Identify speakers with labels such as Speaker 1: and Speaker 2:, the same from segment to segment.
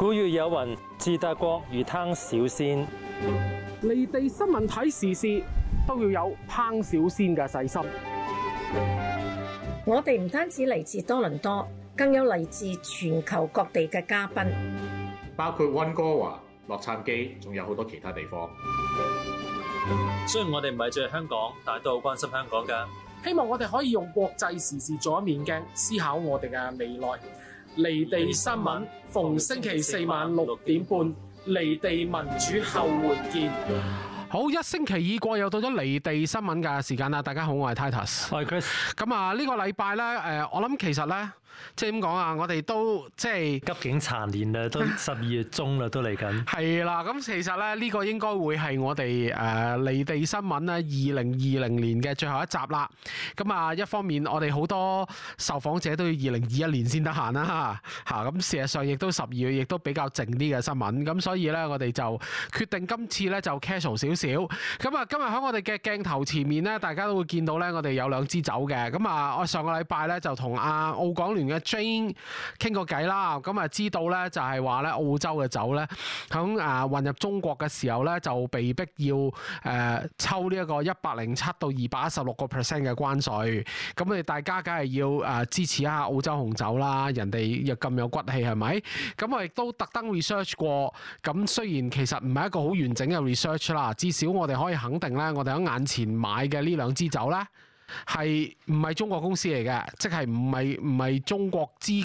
Speaker 1: 古語有云，治大國如烹小鮮。
Speaker 2: 離地新聞睇時事，都要有烹小鮮嘅細心。
Speaker 1: 我哋唔單止嚟自多倫多，更有嚟自全球各地嘅嘉賓，
Speaker 2: 包括溫哥華、
Speaker 1: 洛杉磯，仲有好多其他地方。雖然我哋唔係住喺香港，但係都好關心香港嘅。
Speaker 2: 希望我哋可以用國際時事做一面鏡，思考我哋嘅未來。離地新聞，逢星期四晚六點半，離地民主後援見。好，一星期已過，又到咗離地新聞嘅時間啦！大家好，我係 Titus，我係 Chris。咁啊，呢個禮拜咧，誒，我諗其實咧。即係點講啊？我哋都即係
Speaker 1: 急境殘年啦，都十二月中啦， 都嚟緊。係
Speaker 2: 啦，咁其實咧呢、呢個應該會係我哋誒離地新聞啦，二零二零年嘅最後一集啦。咁啊，一方面我哋好多受訪者都要二零二一年先得閒啦，吓、啊，咁、啊、事實上亦都十二月亦都比較靜啲嘅新聞。咁所以咧，我哋就決定今次咧就 casual 少少。咁啊，今日喺我哋嘅鏡頭前面咧，大家都會見到咧，我哋有兩支酒嘅。咁啊，我上個禮拜咧就同阿澳港，同嘅 Jane 傾個計啦，咁啊知道咧就係話咧澳洲嘅酒咧，響啊運入中國嘅時候咧就被逼要誒、呃、抽呢一個一百零七到二百一十六個 percent 嘅關稅。咁我哋大家梗係要誒支持一下澳洲紅酒啦，人哋又咁有骨氣係咪？咁我亦都特登 research 過，咁雖然其實唔係一個好完整嘅 research 啦，至少我哋可以肯定咧，我哋喺眼前買嘅呢兩支酒咧。係唔係中國公司嚟嘅？即係唔係唔係中國資金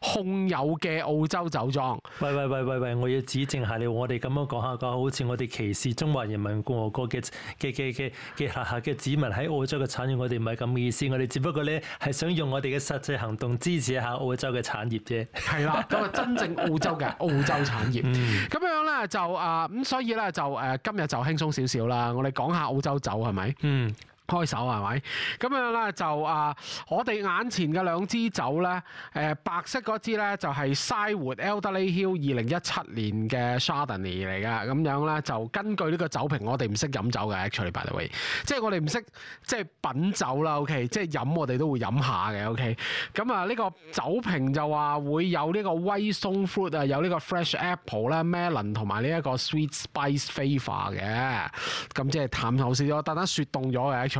Speaker 2: 控有嘅澳洲酒莊？
Speaker 1: 喂喂喂喂喂！我要指正下你，我哋咁樣講下講下，好似我哋歧視中華人民共和國嘅嘅嘅嘅嘅嘅嘅子民喺澳洲嘅產業，我哋唔係咁嘅意思，我哋只不過咧係想用我哋嘅實際行動支持一下澳洲嘅產業啫。係啦吧，咁啊，真正澳洲嘅澳洲產業。嗯，
Speaker 2: 咁樣咧就啊，咁、呃、所以咧就誒、呃，今日就輕鬆少少啦。我哋講下澳洲酒係咪？嗯。開手係咪？咁樣咧就啊、呃，我哋眼前嘅兩支酒咧，誒、呃、白色嗰支咧就係、是、西活 Eldeley Hill 二零一七年嘅 Chardonnay 嚟㗎。咁樣咧就根據呢個酒瓶我酒，我哋唔識飲酒嘅，actually by the way，即係我哋唔識即係品酒啦。OK，即係飲我哋都會飲下嘅。OK，咁啊呢、這個酒瓶就話會有呢個威鬆 fruit 啊，有呢個 fresh apple 啦、melon 同埋呢一個 sweet spice flavour 嘅。咁即係探頭先，我特登雪凍咗嘅。Actually.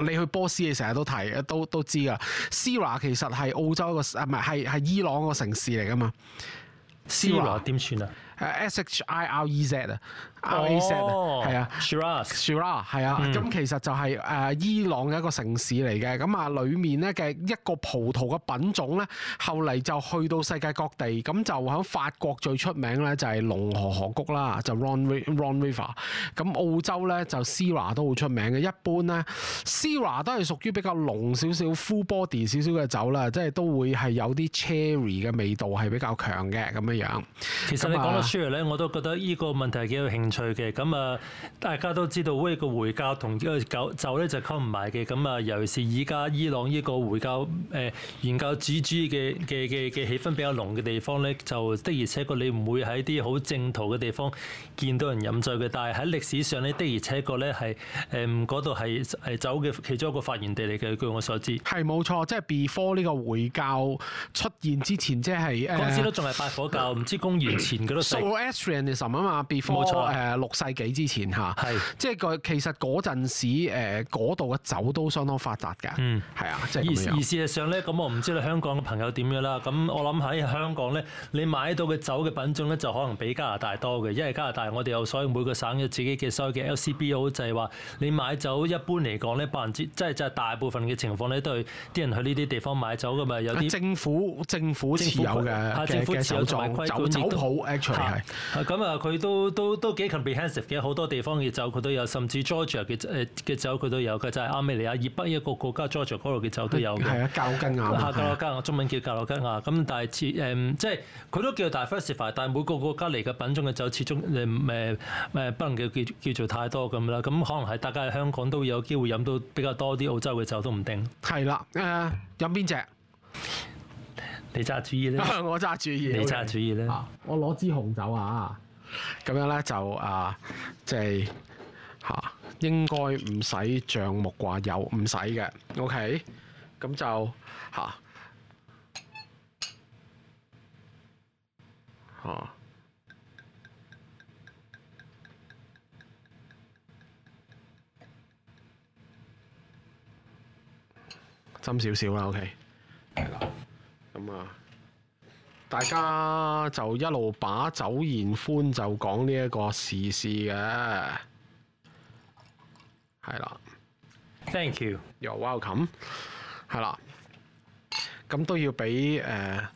Speaker 2: 你去波斯你成日都提，都都知噶。絲 a 其實係澳洲個啊，唔係係係伊朗個城市嚟噶嘛。絲華點算啊？S, S H I R E 啊。Z 阿伊塞，係啊 Shiraz，Shiraz 係啊，咁其實就係誒伊朗嘅一個城市嚟嘅，咁啊裏面咧嘅一個葡萄嘅品種咧，後嚟就去到世界各地，咁就響法國最出名咧就係龍河河谷啦，就 Ron Ron River 咁澳洲咧就 Shiraz 都好出名嘅，一般咧 Shiraz 都係屬於比較濃少少、full body 少少嘅酒啦，即係都會係有啲 cherry 嘅味道係比較強嘅咁樣樣。其實你講到
Speaker 1: Shiraz 咧那，我都覺得呢個問題係幾有興。趣嘅咁啊！大家都知道，呢個回教同呢個酒咧就溝唔埋嘅。咁啊，尤其是依家伊朗呢個回教誒原教旨主義嘅嘅嘅嘅氣氛比較濃嘅地方咧，就的而且確你唔會喺啲好正途嘅地方見到人飲醉嘅。但係喺歷史上咧，呃、的而且確咧係誒嗰度係係酒嘅其中一個發源地嚟嘅。據我所知，
Speaker 2: 係冇錯，即係 before 呢個回教出現之前，即係嗰陣時都仲係拜
Speaker 1: 火教，唔 知公元前幾多歲。
Speaker 2: Zoroastrianism 啊嘛，before 冇錯。啊誒六世紀之前嚇，是即係個其實嗰陣時嗰度嘅酒都相當發達嘅，係啊、嗯，即係而
Speaker 1: 事實上咧，咁我唔知道香港嘅朋友點樣啦。咁我諗喺香港咧，你買到嘅酒嘅品種咧，就可能比加拿大多嘅。因為加拿大我哋有所以每個省嘅自己嘅所有嘅 LCBO，就係話你買酒一般嚟講咧，百分之即係即係大部分嘅情況咧，都係啲人去呢啲地方買酒嘅嘛。有啲
Speaker 2: 政府政府持有嘅嘅酒莊政府有酒酒 actually
Speaker 1: 咁啊，佢都都都，都幾。特嘅好多地方嘅酒佢都有，甚至 Georgia 嘅誒嘅酒佢都有嘅，就係、是、阿美尼亞以北一個國家 Georgia 嗰度嘅酒都有嘅。係是啊，格魯吉亞咯，格魯中文叫格魯吉亞。咁但係似誒，即係佢都叫做大 versifier 但係每個國家嚟嘅品種嘅酒，始終誒誒誒不能叫叫叫做太多咁啦。咁可能係大家喺香港都有機會飲到比較多啲澳洲嘅酒都唔定。係啦，誒飲邊隻？你揸主意咧！
Speaker 2: 我揸主意。你揸主意咧、 嗯！我攞支 紅酒啊！咁樣咧就啊，即係嚇，應該唔使橡木啩？有唔使嘅，OK。咁就嚇嚇針少少啦，OK。係啦，咁啊。大家就一路把酒言歡就、這個，就講呢一個時事嘅，係啦。Thank you，you're welcome，係啦。咁都要俾誒、呃、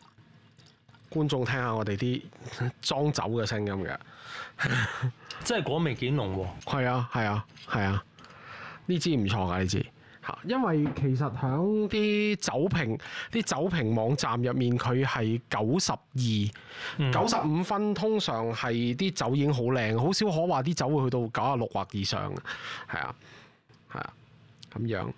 Speaker 2: 觀眾聽下我哋啲裝酒嘅聲音嘅，即 係果味幾濃喎？係啊，係啊，係啊，呢支唔錯噶呢支。因為其實喺啲酒評、啲酒評網站入面92、嗯，佢係九十二、九十五分，通常係啲酒已經好靚，好少可話啲酒會去到九啊六或以上。係啊，係啊，咁樣。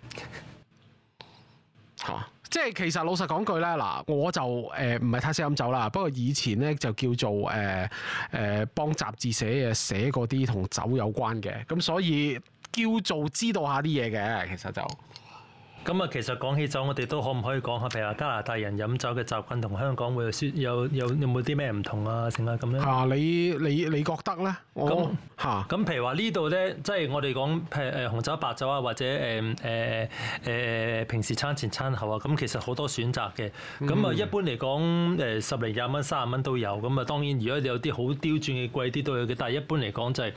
Speaker 2: 嚇、 啊！即係其實老實講句咧，嗱，我就誒唔係太識飲酒啦。不過以前咧就叫做誒誒、呃呃、幫雜誌寫嘢，寫嗰啲同酒有關嘅，咁所以。叫做知道下啲嘢嘅，其實就。
Speaker 1: 咁啊，其實講起酒，我哋都可唔可以講下，譬如話加拿大人飲酒嘅習慣同香港會有有有冇啲咩唔同啊？成啊咁樣嚇，你你你覺得咧？我嚇咁、嗯啊、譬如話呢度咧，即係我哋講譬如誒紅酒、白酒啊，或者誒誒誒平時餐前餐後啊，咁其實好多選擇嘅。咁啊、嗯，一般嚟講誒十零廿蚊、三十蚊都有。咁啊，當然如果有啲好刁鑽嘅貴啲都有嘅，但係一般嚟講就係、是、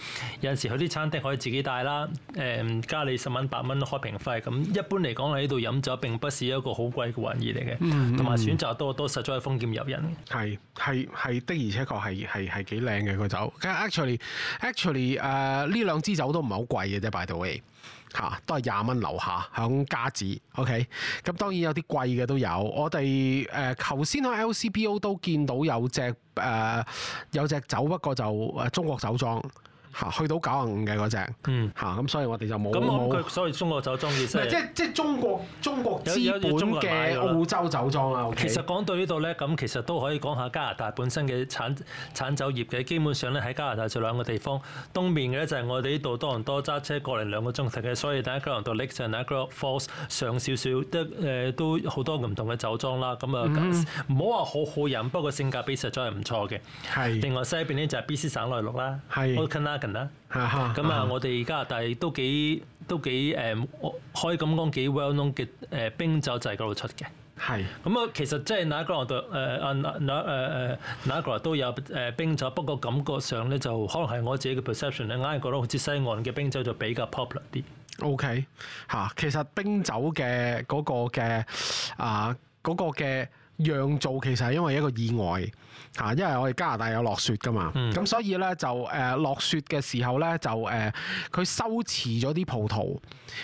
Speaker 1: 有陣時佢啲餐廳可以自己帶啦，誒加你十蚊八蚊開瓶費。咁一般嚟講喺度飲酒並不是一個好貴嘅玩意嚟嘅，同埋、嗯、選擇多多，都實在係豐儉由人。係
Speaker 2: 係係的而且確係係係幾靚嘅個酒。Actually，actually，誒呢兩支酒都唔係好貴嘅啫，by the way，都係廿蚊樓下，響家子。OK，咁當然有啲貴嘅都有。我哋誒頭、呃、先喺 LCBO 都見到有隻誒、呃、有隻酒，不過就誒中國酒莊。嚇，去到九廿五嘅嗰隻，嚇、嗯，咁、嗯、所以我哋就冇冇、嗯，所
Speaker 1: 以中國酒莊熱。唔係，即係
Speaker 2: 即係中國中國資本嘅澳洲酒莊啦。其實
Speaker 1: 講到呢度咧，咁其實都可以講下加拿大本身嘅產產酒業嘅。基本上咧喺加拿大就兩個地方，東面嘅咧就係我哋呢度多倫多揸車過嚟兩個鐘頭嘅，所以第一個、呃、多倫多呢就係第一個 Falls 上少少，一誒都好多唔同嘅酒莊啦。咁啊、嗯，唔好話好好飲，不過性價比實在係唔錯嘅。係是。另外西邊呢，就係 BC 省內陸啦，是好近啦。啦，嚇嚇，咁 啊，嗯、我哋而家但係都幾都幾誒、嗯，可以咁講幾 well known 嘅誒冰酒就係嗰度出嘅。係。咁啊，其實即係 n 個度誒啊哪都有誒冰酒，就是、不過感覺上咧就可能係我自己嘅 perception 咧，硬係覺得好似西岸嘅冰酒就比較 popular 啲。
Speaker 2: OK，嚇，其實冰酒嘅嗰個嘅啊嗰個嘅、uh, 釀造其實係因為一個意外。嚇，因為我哋加拿大有落雪㗎嘛，咁、嗯、所以咧就誒、呃、落雪嘅時候咧就誒佢、呃、收遲咗啲葡萄，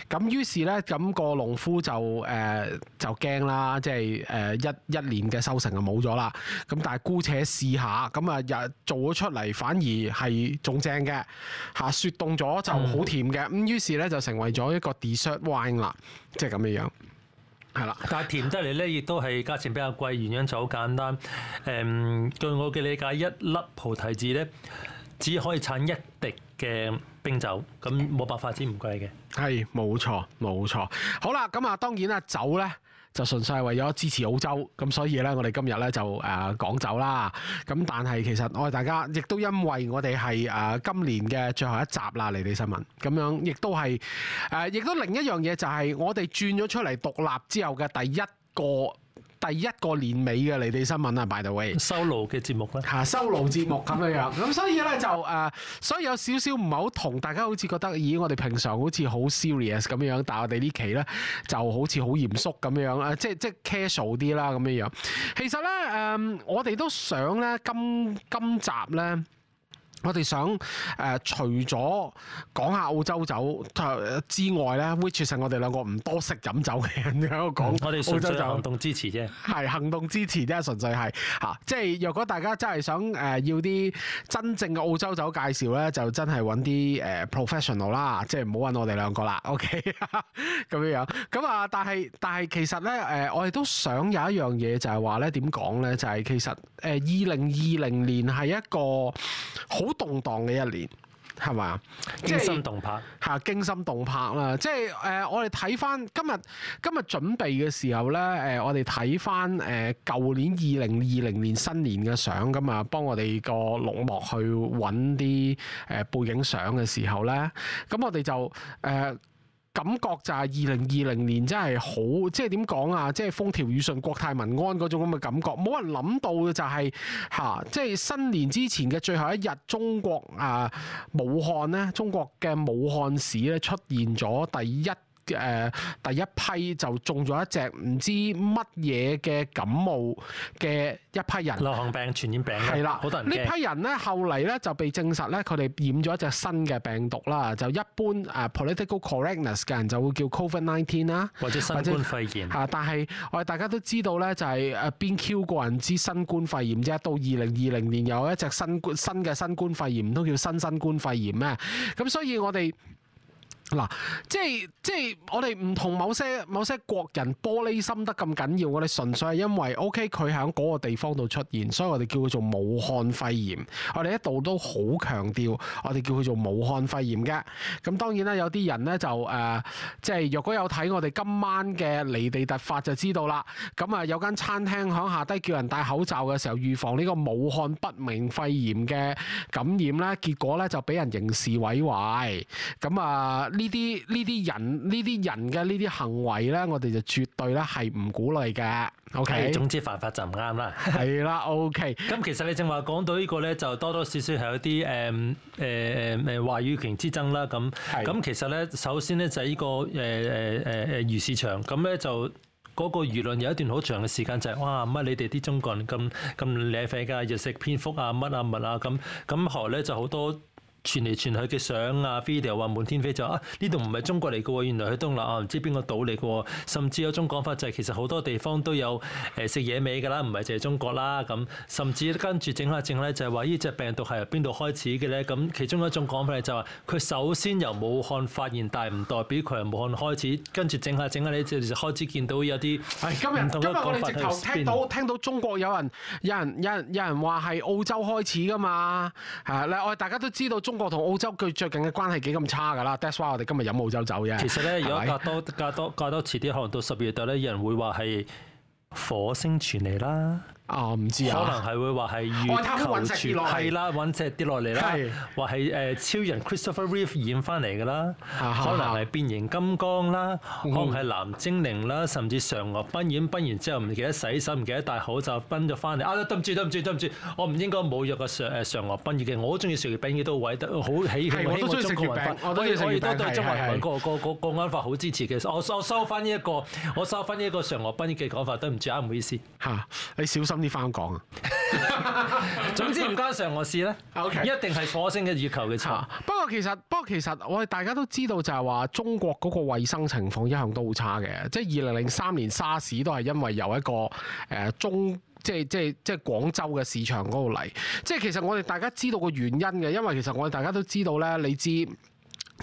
Speaker 2: 咁於是咧咁、那個農夫就誒、呃、就驚啦，即係誒一一年嘅收成就冇咗啦。咁但係姑且試下，咁啊日做咗出嚟反而係仲正嘅嚇、啊，雪凍咗就好甜嘅。咁、嗯、於是咧就成為咗一個 dessert wine 啦，即係咁嘅樣。
Speaker 1: 係啦，但係甜得嚟咧，亦都係價錢比較貴，原因就好簡單。誒、嗯，據我嘅理解，一粒菩提子咧，只可以產一滴嘅冰酒，咁冇辦法先唔貴嘅。
Speaker 2: 係，冇錯，冇錯。好啦，咁啊，當然啦，酒咧。就純粹係為咗支持澳洲，咁所以咧，我哋今日咧就誒、呃、講走啦。咁但係其實，我哋大家亦都因為我哋係誒今年嘅最後一集啦，嚟嘅新聞咁樣，亦都係誒、呃，亦都另一樣嘢就係我哋轉咗出嚟獨立之後嘅第一個。第一個年尾嘅你哋新聞啊，by the way，收錄嘅節目咧嚇，收錄節目咁樣樣，咁、 嗯、所以咧就誒、呃，所以有少少唔係好同，大家好似覺得，咦、欸，我哋平常好似好 serious 咁樣，但係我哋呢期咧就好似好嚴肅咁樣啊，即係即係 casual 啲啦咁樣樣。其實咧誒、呃，我哋都想咧今今集咧。我哋想誒、呃、除咗講下澳洲酒之外咧，which 係我哋兩個唔多識飲酒嘅人喺度講，我哋純粹澳洲酒行動支持啫。係行動支持啫，純粹係吓、啊，即係若果大家真係想誒要啲真正嘅澳洲酒介紹咧，就真係揾啲誒 professional 啦，即係唔好揾我哋兩個啦。OK，咁 樣樣咁啊，但係但係其實咧誒、呃、我哋都想有一樣嘢，就係話咧點講咧，就係其實誒二零二零年係一個好。動蕩嘅一年，係咪？驚是心動魄吓，驚、啊、心動魄啦！即係誒、呃，我哋睇翻今日今日準備嘅時候咧，誒、呃，我哋睇翻誒舊年二零二零年新年嘅相，咁啊，幫我哋個綠幕去揾啲誒背景相嘅時候咧，咁我哋就誒。呃感覺就係二零二零年真係好，即係點講啊，即係風調雨順、國泰民安嗰種咁嘅感覺。冇人諗到嘅就係、是、嚇、啊，即係新年之前嘅最後一日，中國啊武漢呢，中國嘅武漢市咧出現咗第一。誒、呃、第一批就中咗一隻唔知乜嘢嘅感冒嘅一批人，流行病
Speaker 1: 傳染病係啦，好的多人呢批
Speaker 2: 人咧後嚟咧就被證實咧，佢哋染咗一隻新嘅病毒啦。就一般誒、uh, political correctness 嘅人就會叫 COVID-19 啦，或者新冠肺炎嚇、啊。但係我哋大家都知道咧，就係誒邊 q 個人知新冠肺炎啫。到二零二零年有一隻新新嘅新冠肺炎，都叫新新冠肺炎咩？咁所以我哋。嗱，即係即係我哋唔同某些某些國人玻璃心得咁緊要，我哋純粹係因為 OK 佢喺嗰個地方度出現，所以我哋叫佢做武漢肺炎。我哋一度都好強調，我哋叫佢做武漢肺炎嘅。咁當然啦，有啲人咧就誒、呃，即係若果有睇我哋今晚嘅離地突發就知道啦。咁啊，有間餐廳響下低叫人戴口罩嘅時候預防呢個武漢不明肺炎嘅感染咧，結果咧就俾人刑事毀壞。咁啊～、呃呢啲呢啲人呢啲人嘅呢啲行為咧，我哋就絕對咧係唔鼓勵嘅。OK，總之犯法就唔啱啦。係啦，O K。
Speaker 1: 咁 okay 其實你正話講到呢個咧，就多多少少係有啲誒誒誒誒話語權之爭啦。咁咁其實咧，首先咧就係呢個誒誒誒誒魚市場，咁咧就嗰個輿論有一段好長嘅時間就係、是、哇乜你哋啲中國人咁咁舐啡㗎，日食蝙蝠啊乜啊乜啊咁咁，後咧就好多。傳嚟傳去嘅相啊，video 啊，滿天飛就啊，呢度唔係中國嚟嘅喎，原來喺東南啊，唔知邊個島嚟嘅喎，甚至有種講法就係其實好多地方都有誒食野味㗎啦，唔係淨係中國啦咁，甚至跟住整下整下咧就係話呢隻病毒係由邊度開始嘅咧？咁其中一種講法就係佢首先由武漢發現，但係唔代表佢係武漢開始，跟住整下整下咧就開始見到有啲唔同嘅講法。今日我哋直頭聽到
Speaker 2: 聽到中國有人有人有人有人話係澳洲開始㗎嘛？係啦，我哋大家都知道中。中國同澳洲佢最近嘅關係幾咁差㗎啦，that's why 我哋今日飲澳洲酒嘅。其實咧，如果隔
Speaker 1: 多隔多隔多遲啲，可能到十月度咧，有人會話係火星傳嚟啦。啊！唔知啊，可能係會話係外太空揾隻跌落嚟，係啦，揾隻跌落嚟啦，話係誒超人 Christopher Reeve 演翻嚟嘅啦，可能係變形金剛啦，可能係藍精靈啦，甚至嫦娥奔演奔完之後唔記得洗手，唔記得戴口罩奔咗翻嚟。啊！對唔住對唔住對唔住，我唔應該侮辱咗嫦娥奔月嘅。我好中意嫦娥奔月都偉德好喜氣，我都中意食雪餅，我都中意食餅。係係係，個個個講法好支持嘅，我我收翻呢一個，我收翻呢一個嫦娥奔月嘅講法。對唔住啊，唔好意思。嚇！你小心。啲翻講啊！ 總之唔關上我事咧，Okay. 一定係火星嘅月球嘅差、啊。
Speaker 2: 不過其實不過其實我哋大家都知道就係話中國嗰個衞生情況一向都好差嘅，即係二零零三年沙士都係因為由一個誒、呃、中即係即係即係廣州嘅市場嗰度嚟。即係其實我哋大家知道個原因嘅，因為其實我哋大家都知道咧，你知。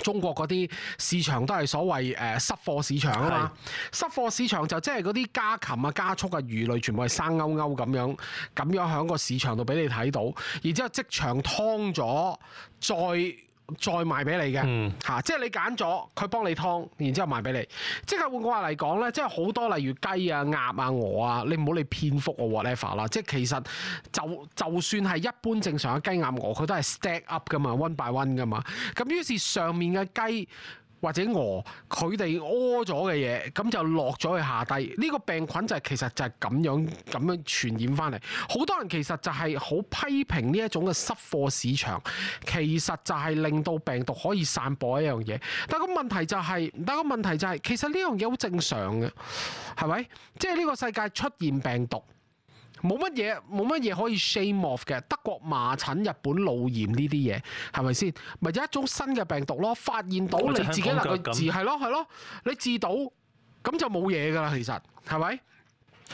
Speaker 2: 中國嗰啲市場都係所謂誒、呃、濕貨市場啊嘛，濕是貨市場就即係嗰啲家禽啊、家畜啊、魚類全部係生勾勾咁樣，咁樣喺個市場度俾你睇到，然之後即場劏咗再。再賣俾你嘅嚇，嗯、即係你揀咗，佢幫你劏，然之後賣俾你。即係換句話嚟講咧，即係好多例如雞啊、鴨啊、鵝啊，你唔好理蝙蝠啊 whatever 啦。即係其實就就算係一般正常嘅雞鴨鵝，佢都係 stack up 㗎嘛，one by one 㗎嘛。咁於是上面嘅雞。或者餓佢哋屙咗嘅嘢，咁就落咗去下低。呢個病菌就係其實就係咁樣咁樣傳染翻嚟。好多人其實就係好批評呢一種嘅濕貨市場，其實就係令到病毒可以散播一樣嘢。但係個問題就係，但係個問題就係，其實呢樣嘢好正常嘅，係咪？即係呢個世界出現病毒。冇乜嘢，冇乜嘢可以 shame off 嘅，德國麻疹、日本腦炎呢啲嘢，係咪先？咪有一種新嘅病毒
Speaker 1: 咯，發現
Speaker 2: 到你自己能夠治，係咯，係咯，你治到咁就冇嘢㗎啦，其
Speaker 1: 實係咪？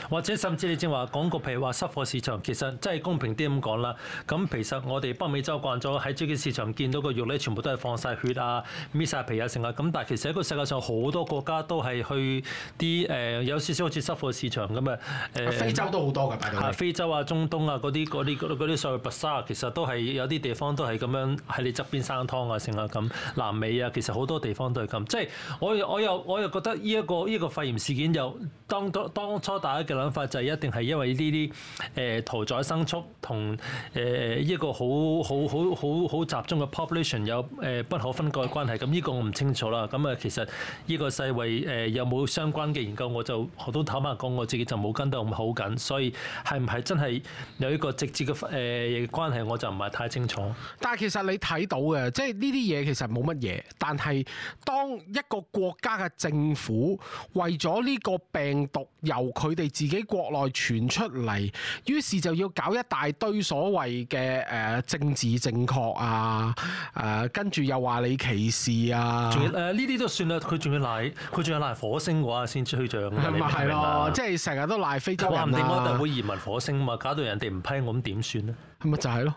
Speaker 1: 或者甚至你正話講個譬如話濕貨市場，其實即係公平啲咁講啦。咁其實我哋北美洲慣咗喺豬肉市場見到個肉咧，全部都係放晒血啊、搣晒皮啊，成啊。咁但係其實喺個世界上好多國家都係去啲誒有少少好似濕貨市場咁、呃、啊。誒。非洲都好多
Speaker 2: 㗎，大多數。非
Speaker 1: 洲啊、中東啊嗰啲嗰啲嗰啲所謂 bazaar 其實都係有啲地方都係咁樣喺你側邊生劏啊，成啊咁。南美啊，其實好多地方都係咁。即係我我又我又覺得呢、這、一個依、這個肺、這個、炎事件又當當初大家。嘅諗法就係一定係因為呢啲誒屠宰牲畜同誒、呃、一個好好好好好集中嘅 population 有誒、呃、不可分割嘅關係，咁、這、呢個我唔清楚啦。咁、嗯、啊，其實呢個世衞誒、呃、有冇相關嘅研究，我就我都坦白講，我自己就冇跟得咁好緊，所以係唔係真係有一個直接嘅誒、呃、關係，我就唔係太清楚。
Speaker 2: 但係其實你睇到嘅，即係呢啲嘢其實冇乜嘢，但係當一個國家嘅政府為咗呢個病毒由佢哋自己國內傳出嚟，於是就要搞一大堆所謂嘅誒、呃、政治正確啊，誒、呃、跟住又話你歧視啊，
Speaker 1: 誒呢啲都算啦。佢仲要賴，佢仲要賴火星嘅話先吹漲。咁咪係咯，即
Speaker 2: 係成日都賴非洲人、啊，我肯定
Speaker 1: 會移民火星啊嘛，搞到人哋唔批我，咁點算咧？咁咪就係咯。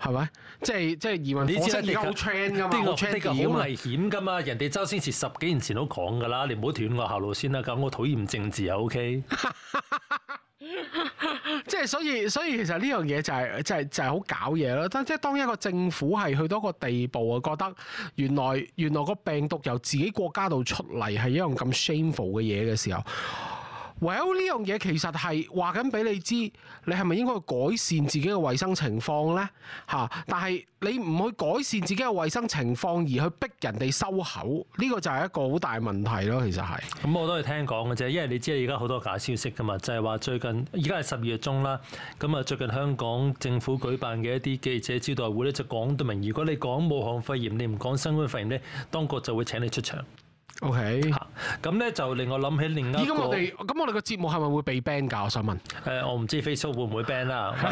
Speaker 1: 係咪？即係即係移民。你真係好 challenging 噶嘛？呢個的確好危險噶嘛！人哋周星馳十幾年前都講噶啦，你唔好斷我後路先啦。咁我討厭政治啊，OK？ 即
Speaker 2: 係所以，所以其實呢樣嘢就係、是、就係就係好搞嘢咯。即係當一個政府係去到一個地步啊，覺得原來原來個病毒由自己國家度出嚟係一樣咁 shameful 嘅嘢嘅時候。Well 呢樣嘢其實係話緊俾你知，你係咪應該改善自己嘅衛生情況咧？嚇！但係你唔去改善自己嘅衛生情況，而去逼人哋收口，呢、這個就係一個好大問題咯。其實係。
Speaker 1: 咁、嗯、我都係聽講嘅啫，因為你知而家好多假消息噶嘛，就係、是、話最近，而家係十二月中啦。咁啊，最近香港政府舉辦嘅一啲記者招待會咧，就講到明，如果你講武漢肺炎，你唔講新冠肺炎咧，當局就會請你出場。OK，咁咧、啊、就令我諗起另一個。咁我哋
Speaker 2: 咁我哋個節目係咪會被 ban 㗎？我想問。
Speaker 1: 誒、呃，我唔知 Facebook 會唔會 ban 啦。阿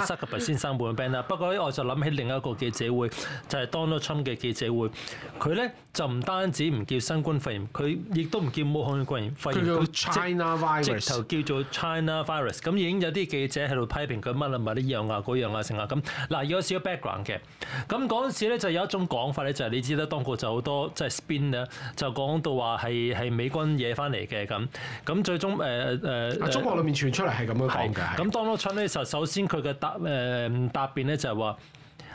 Speaker 1: Sir 嘅先生會唔會 ban 啦？ 不過咧，我就諗起另一個記者會，就係、是、Donald Trump 嘅記者會。佢咧就唔單止唔叫新冠肺炎，佢亦都唔叫武漢肺炎。佢叫 China virus。即，即，即叫做 China virus，咁已經有啲記者喺度批評佢乜啊？唔係呢樣啊，嗰樣啊，成啊咁。嗱，有少少 background 嘅。咁嗰陣時咧，就有一種講法咧，就係、是、你知啦、就是，知當局就好多即係 spin 咧，就講、是。就是講到話係係美軍惹翻嚟嘅，咁，咁最終誒誒，呃啊呃、中國裏面傳出嚟係咁樣講㗎。咁特朗普咧就首先佢嘅答誒、呃、答辯咧就係話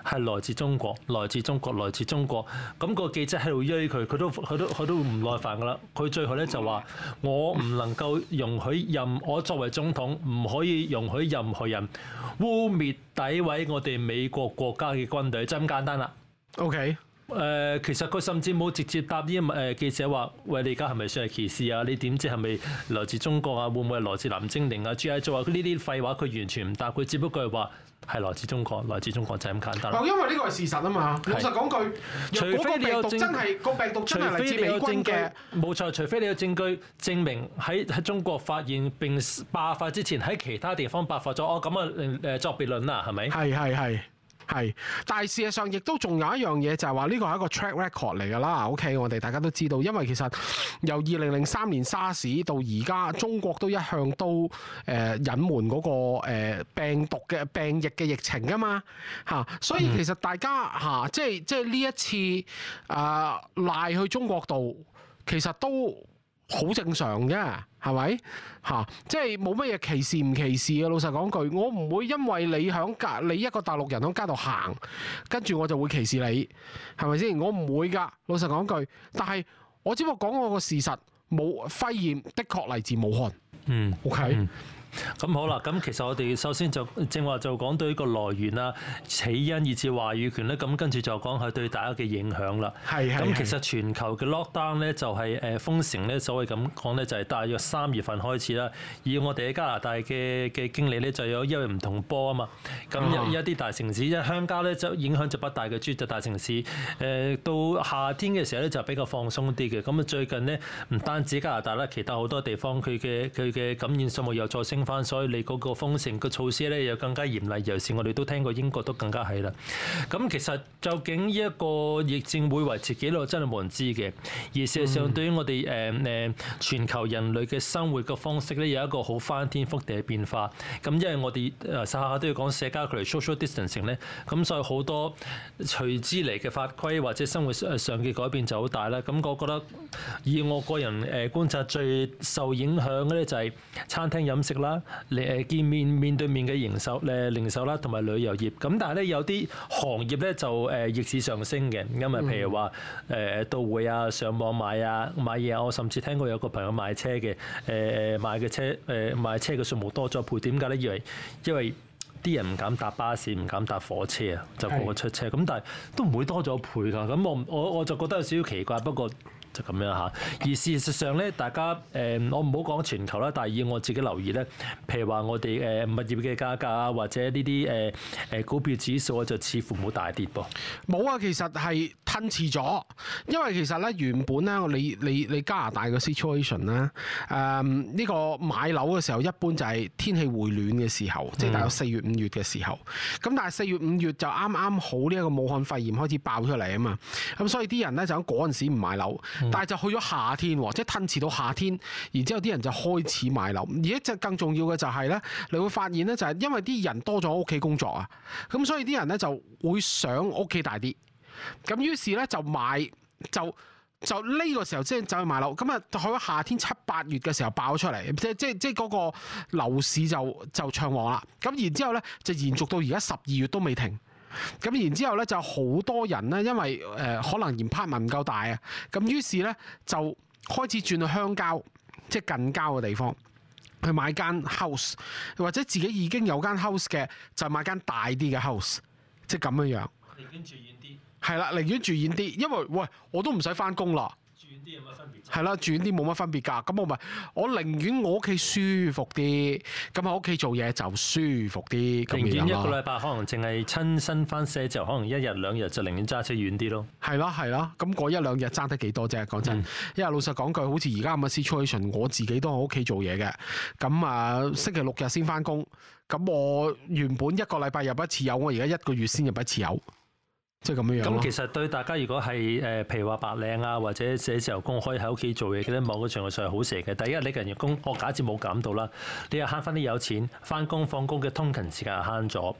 Speaker 1: 係來自中國，來自中國，來自中國。咁、那個記者喺度追佢，佢都佢都佢都唔耐煩㗎啦。佢最後咧就話：我唔能夠容許任我作為總統，唔可以容許任何人污蔑、詆毀我哋美國國家嘅軍隊，就咁簡單啦。OK。誒、呃，其實佢甚至冇直接答呢誒記者話：喂，你而家係咪算係歧視啊？你點知係咪來自中國啊？會唔會係來自藍精靈啊？主要就話呢啲廢話，佢完全唔答，佢只不過係話係來自中國，來自中國就係咁簡單。因為呢個係事
Speaker 2: 實啊嘛，是老實講句。除非，除非你有證據。個病毒真係來自美國嘅。
Speaker 1: 冇錯，除非你有證據證明喺喺中國發現並爆發之前，喺其他地方爆發咗。哦，咁啊誒作別論啦，係咪？係係係。係，
Speaker 2: 但係事實上亦都仲有一樣嘢就係話呢個係一個 track record 嚟㗎啦。OK，我哋大家都知道，因為其實由二零零三年沙士到而家，中國都一向都誒隱瞞嗰個、呃、病毒嘅病疫嘅疫情㗎嘛嚇、啊，所以其實大家嚇、嗯啊、即係即係呢一次啊、呃、賴去中國度，其實都，好正常嘅，係咪？嚇，即係冇乜嘢歧視唔歧視嘅。老實講句，我唔會因為你喺街，你一個大陸人喺街度行，跟住我就會歧視你，係咪先？我唔會噶，老實講句。但係我只不過講我個事實，冇肺炎，的確嚟自武漢。
Speaker 1: 嗯，OK 嗯。咁好啦，咁其實我哋首先就正話就講到呢個來源啦、起因，以至話語權咧，咁跟住就講佢對大家嘅影響啦。係咁其實全球嘅 lockdown 咧就係誒封城咧，所謂咁講咧就係大約三月份開始啦。以我哋喺加拿大嘅嘅經歷咧，就有因為唔同波啊嘛。咁有一啲大城市，一、嗯、鄉郊咧就影響就不大嘅，主要就大城市。誒、呃、到夏天嘅時候咧就比較放鬆啲嘅。咁啊最近呢，唔單止加拿大啦，其他好多地方佢嘅佢嘅感染數目又再升。翻所以你嗰個封城個措施咧又更加嚴厲，尤其是我哋都聽過英國都更加係啦。咁其實究竟呢一個疫症會維持幾耐，真係冇人知嘅。而事實上對於我哋誒誒全球人類嘅生活嘅方式咧有一個好翻天覆地嘅變化。咁因為我哋誒下下都要講社交距離 （social distancing） 咧，咁所以好多隨之嚟嘅法規或者生活上嘅改變就好大啦。咁我覺得以我個人誒觀察，最受影響嘅咧就係餐廳飲食啦。你嚟誒見面面對面嘅零售咧，零售啦，同埋旅遊業。咁但係咧，有啲行業咧就誒逆市上升嘅。因為譬如話誒、嗯、到會啊，上網買啊，買嘢啊。我甚至聽過有個朋友買車嘅，誒誒買嘅車誒買的車嘅數目多咗倍。點解咧？以為因為啲人唔敢搭巴士，唔敢搭火車啊，就個個出車，咁，是的 但係都唔會多咗倍㗎。咁我我我就覺得有少少奇怪，不過就咁樣吓。而事實上咧，大家誒、呃、我唔好講全球啦，但係以我自己留意咧，譬如話我哋誒物業嘅價格啊，或者呢啲誒誒股票指數啊，就似乎冇大跌噃。
Speaker 2: 冇啊，其實係吞噬咗，因為其實咧原本咧，你你你加拿大嘅 situation 啦，誒、嗯、呢、呢個買樓嘅時候一般就係天氣回暖嘅時候，即、就、係、是、大約四月五。嗯月嘅時候，咁但係四月五月就啱啱好呢一、這個武漢肺炎開始爆出嚟啊嘛，咁所以啲人咧就喺嗰陣時唔買樓，嗯、但係就去咗夏天，即、哦、係、就是、吞遲到夏天，然之後啲人就開始買樓，而一隻更重要嘅就係咧，你會發現咧就係、是、因為啲人多咗喺屋企工作啊，咁所以啲人咧就會想屋企大啲，咁於是咧就買就。就呢個時候先走去買樓，咁啊，去咗夏天七八月嘅時候爆出嚟，即係即係嗰個樓市就就暢旺啦。咁然之後咧，就延續到而家十二月都未停。咁然之後咧，就好多人咧，因為誒、呃、可能嫌 apartment 唔夠大啊，咁於是咧就開始轉去鄉郊，即係近郊嘅地方去買間 house，或者自己已經有間 house 嘅就買間大啲嘅 house，即係咁樣樣。係啦，寧願住遠啲，因為喂我都唔使翻工啦。住遠啲有乜分別？係啦，住遠啲冇乜分別噶。咁我咪我寧願我屋企舒服啲，咁喺屋企做嘢就舒服啲。寧願一個禮拜
Speaker 1: 可能淨係親身翻社就可能一日兩日就寧願揸車遠啲咯。係咯係咯，咁過、那個、
Speaker 2: 一兩日爭得幾多啫？講真，嗯、因為老實講句，好似而家咁嘅 situation，我自己都喺屋企做嘢嘅。咁啊，星期六日先翻工。咁我原本一個禮拜入一次油，我而家一個月先入一次油。嗯即係咁樣樣咁，其
Speaker 1: 實對大家如果係誒，譬、呃、如話白領啊，或者寫自由工，可以喺屋企做嘢嘅咧，望嗰場嘅上係好蛇嘅。第一，因你嘅人工，我假設冇減到啦，你又慳翻啲有錢，翻工放工嘅通勤時間又慳咗，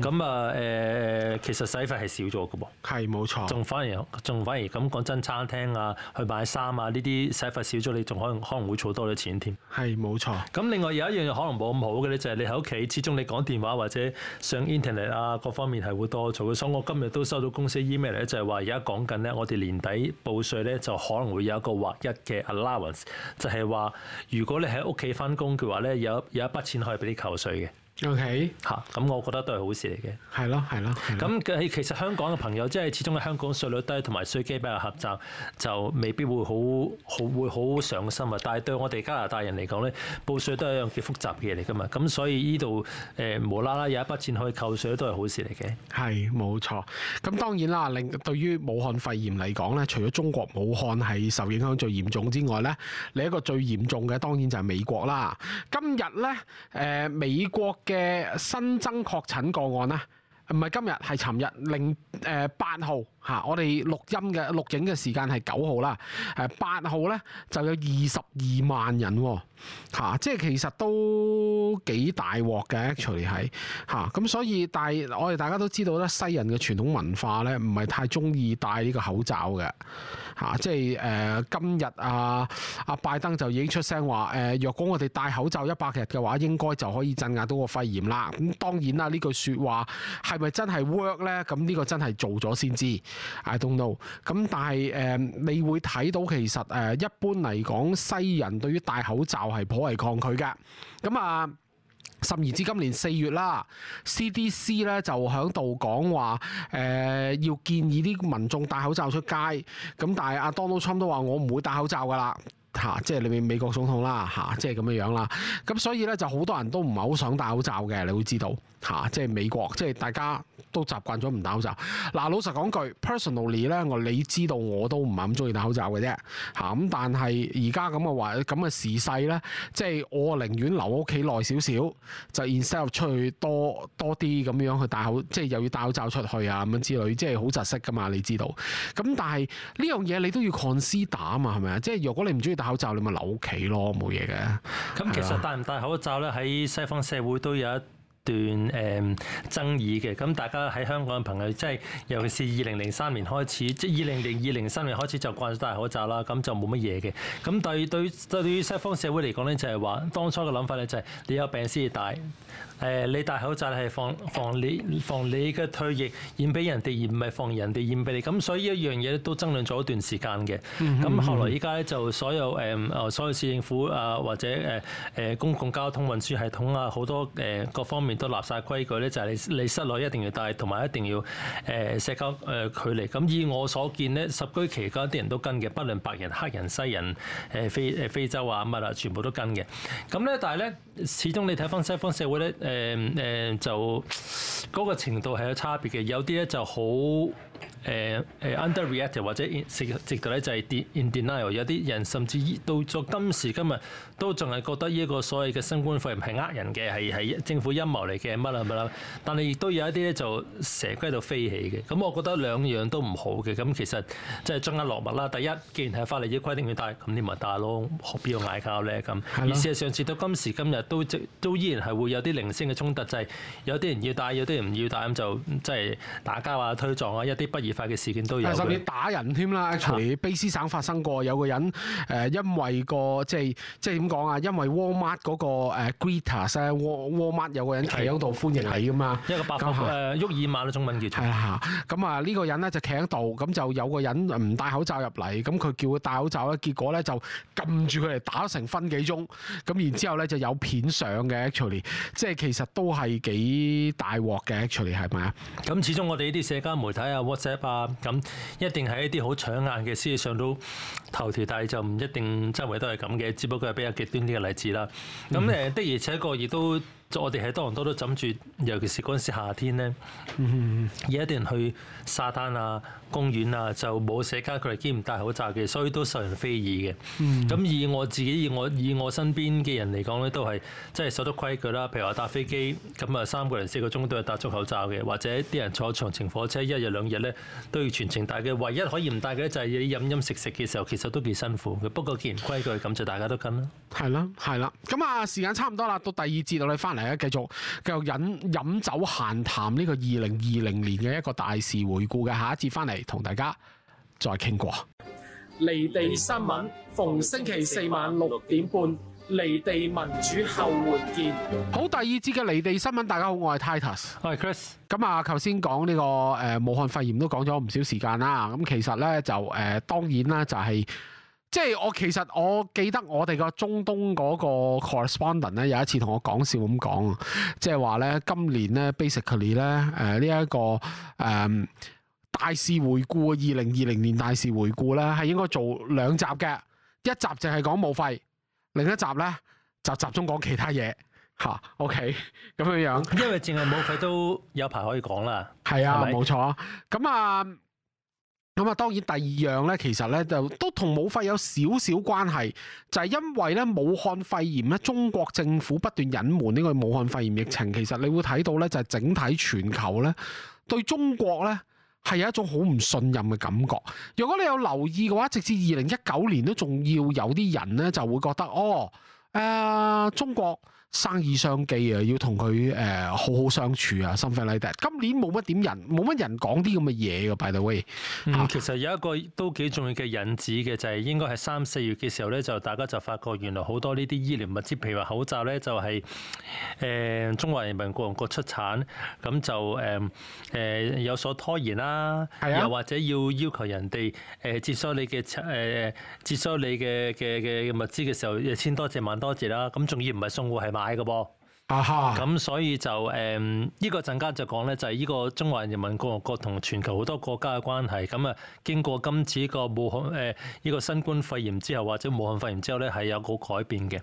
Speaker 1: 咁啊誒，其實使費係少咗嘅喎。係冇錯。仲反而仲反而咁講真，餐廳啊，去買衫啊呢啲使費少咗，你仲可能可能會儲多啲錢添。係冇錯。咁另外有一樣嘢可能冇咁好嘅咧，就係、是、你喺屋企，始終你講電話或者上 internet 啊，各方面係會多咗嘅。所以我今日都收。到公司 email 咧，就係話而家講緊咧，我哋年底報稅咧就可能會有一個劃一嘅 allowance，就係話如果你喺屋企翻工嘅話咧，有有一筆錢可以俾你扣稅嘅。O.K. 嚇、嗯，咁我覺得都係好事嚟嘅。
Speaker 2: 係咯，係咯。咁
Speaker 1: 其實香港嘅朋友，即係始終喺香港稅率低，同埋稅基比較狹窄，就未必會好好會好上心啊。但係對我哋加拿大人嚟講咧，報稅都係一樣幾複雜嘅嘢嚟㗎嘛。咁所以呢度誒無啦啦有一筆錢可以扣稅都係好事嚟嘅。
Speaker 2: 係冇錯。咁當然啦，令對於武漢肺炎嚟講咧，除咗中國武漢係受影響最嚴重之外咧，另一個最嚴重嘅當然就係美國啦。今日咧誒美國嘅新增確診個案啦，唔係今日，係尋日零誒八號。啊！我哋錄音嘅錄影嘅時間係九號啦，誒八號咧就有二十二萬人喎，哦啊，即係其實都幾大鑊嘅，除嚟睇嚇，咁、嗯、所以但係我哋大家都知道咧，西人嘅傳統文化咧唔係太中意戴呢個口罩嘅，嚇、啊！即係誒、呃、今日啊，阿、啊、拜登就已經出聲話誒、呃，若果我哋戴口罩一百日嘅話，應該就可以鎮壓到個肺炎啦。咁、嗯、當然啦，句是是呢句説話係咪真係 work 咧？咁呢個真係做咗先知。I don't know。咁，但係誒，你會睇到其實誒、呃，一般嚟講，西人對於戴口罩係頗為抗拒㗎。咁、嗯、啊，甚至至今年四月啦，CDC 咧就響度講話誒，要建議啲民眾戴口罩出街。咁但係阿 Donald Trump 都話：我唔會戴口罩㗎啦。嚇、啊，即係你美美國總統啦，嚇、啊，即係咁嘅樣啦。咁所以咧，就好多人都唔係好想戴口罩嘅，你會知道嚇、啊。即係美國，即係大家都習慣咗唔戴口罩。嗱、啊，老實講句，personally 咧，我你知道我都唔係咁中意戴口罩嘅啫。嚇、啊，咁但係而家咁嘅話，咁嘅時勢咧，即係我寧願留屋企耐少少，就 instead 出去多多啲咁樣去戴口罩，即係又要戴口罩出去啊，咁樣之類，即係好窒息噶嘛，你知道。咁但係呢樣嘢你都要 consider 啊嘛，係咪啊？即係如果你唔中意。戴，戴口罩你咪留屋企咯，冇嘢嘅。咁其實
Speaker 1: 戴唔戴口罩咧，喺西方社會都有一段誒、呃、爭議嘅。咁大家喺香港嘅朋友，即係尤其是二零零三年開始，即係二零零二零三年開始就慣咗戴口罩啦，咁就冇乜嘢嘅。咁對對對於西方社會嚟講咧，就係、是、話當初嘅諗法咧就係、是、你有病先至戴。誒，你戴口罩係防防你防你嘅唾液染俾人哋，而唔係防人哋染俾你。咁所以一樣嘢都爭論咗一段時間嘅。咁、嗯嗯、後來依家咧就所有誒誒，所有市政府啊或者誒誒公共交通運輸系統啊，好多誒各方面都立晒規矩咧，就係、是、你你室內一定要戴，同埋一定要誒社交誒距離。咁以我所見咧，十居期間啲人都跟嘅，不論白人、黑人、西人、誒非誒非洲啊乜啦，全部都跟嘅。咁咧，但係咧，始終你睇返西方社會咧。誒誒、嗯嗯，就嗰個程度係有差別嘅，有啲咧就好。誒誒、uh, underreact o r 或者直直到咧就係 in denial，有啲人甚至到咗今時今日都仲係覺得呢一個所謂嘅新冠肺炎係呃人嘅，係係政府陰謀嚟嘅乜啊乜啦。但係亦都有一啲咧就蛇龜度飛起嘅，咁我覺得兩樣都唔好嘅。咁其實即係中間落墨啦。第一，既然係法律已經規定要戴，咁你咪戴咯，何必要嗌交咧？咁的而事實上至到今時今日都都依然係會有啲零星嘅衝突，就係、是、有啲人要戴，有啲人唔要戴，咁就即係打交啊、推撞啊，一啲不發嘅事件都有，甚至打
Speaker 2: 人添啦。Actually，卑斯省發生過有個人，誒，因為個即係即係點講啊？因為 Walmart 嗰個 greeters 咧 Walmart 有個人企喺度歡迎你㗎嘛。的樣一個白發
Speaker 1: 誒沃爾瑪啦，中文叫做。係啊，
Speaker 2: 咁啊呢個人咧就企喺度，咁就有個人唔戴口罩入嚟，咁佢叫佢戴口罩咧，結果咧就撳住佢嚟打成分幾鐘，咁然之後咧就有片相嘅，Actually，即係其實都係幾大鑊嘅，Actually，係
Speaker 1: 咪啊？咁始終我哋呢啲社交媒體啊，WhatsApp。啊！咁一定喺一啲好搶眼嘅，先至上到頭條，但係就唔一定周圍都係咁嘅，只不過係比較極端啲嘅例子啦。咁誒的而且確亦都。我哋喺多倫多都枕住，尤其是嗰陣時夏天咧，而家啲人去沙灘啊、公園啊，就冇社交距離，兼唔戴口罩嘅，所以都受人非議嘅。咁、mm hmm. 以我自己，以我以我身邊嘅人嚟講咧，都係即係守得規矩啦。譬如話搭飛機咁啊，三個人四個鐘都係戴足口罩嘅，或者啲人坐長程火車一日兩日咧都要全程戴嘅。唯一可以唔戴嘅就係你飲飲食食嘅時候，其實都幾辛苦嘅。不過既然規矩咁，就大家都跟啦。係啦，係啦，咁
Speaker 2: 啊、嗯，時間差唔多啦，到第二節度你翻嚟咧，繼續繼續飲飲酒閒談呢個二零二零年嘅一個大事回顧嘅下一節翻嚟同大家再傾過。離地新聞逢星期四晚六點半，離地民主後援見。好，第二節嘅離地新聞，大家好，我係 Titus，我係 Hi Chris、嗯。咁啊、這個，頭先講呢個誒，武漢肺炎都講咗唔少時間啦。咁、嗯、其實咧就誒、呃，當然啦，就係、是。即係我其實我記得我哋個中東嗰個 correspondent 咧，有一次同我講笑咁講即係話咧今年咧 basically 咧誒呢一個誒大事回顧二零二零年大事回顧咧係應該做兩集嘅，一集就係講武肺，另一集咧就集中講其他嘢吓、啊。OK，咁樣樣，
Speaker 1: 因為淨係武肺都有排可以講啦。係
Speaker 2: 啊，冇錯啊。咁啊。咁啊，當然第二樣咧，其實咧就都同武肺有少少關係，就係因為咧武漢肺炎咧，中國政府不斷隱瞞呢個武漢肺炎疫情，其實你會睇到咧，就係整體全球咧對中國咧係有一種好唔信任嘅感覺。如果你有留意嘅話，直至二零一九年都仲要有啲人咧就會覺得，哦，誒中國。生意相機啊，要同佢誒好好相處啊 something like that。今年冇乜點人，冇乜人講啲咁嘅嘢嘅。By the way，
Speaker 1: 嗯，啊、其實有一個都幾重要嘅引子嘅，就係、是、應該係三四月嘅時候咧，就大家就發覺原來好多呢啲醫療物資譬如話口罩咧、就是，就係誒中華人民共和國出產，咁就誒誒、呃呃、有所拖延啦，又或者要要求人哋誒接收你嘅誒接收你嘅嘅嘅物資嘅時候，千多謝萬多謝啦，咁仲要唔係送貨係嘛？拿一個包。Like 咁、啊、所以就誒、嗯這個、呢個陣間就講咧，就係、是、呢個中華人民共和國同全球好多國家嘅關係。咁啊，經過今次個武漢誒呢個新冠肺炎之後，或者武漢肺炎之後咧，係有個改變嘅。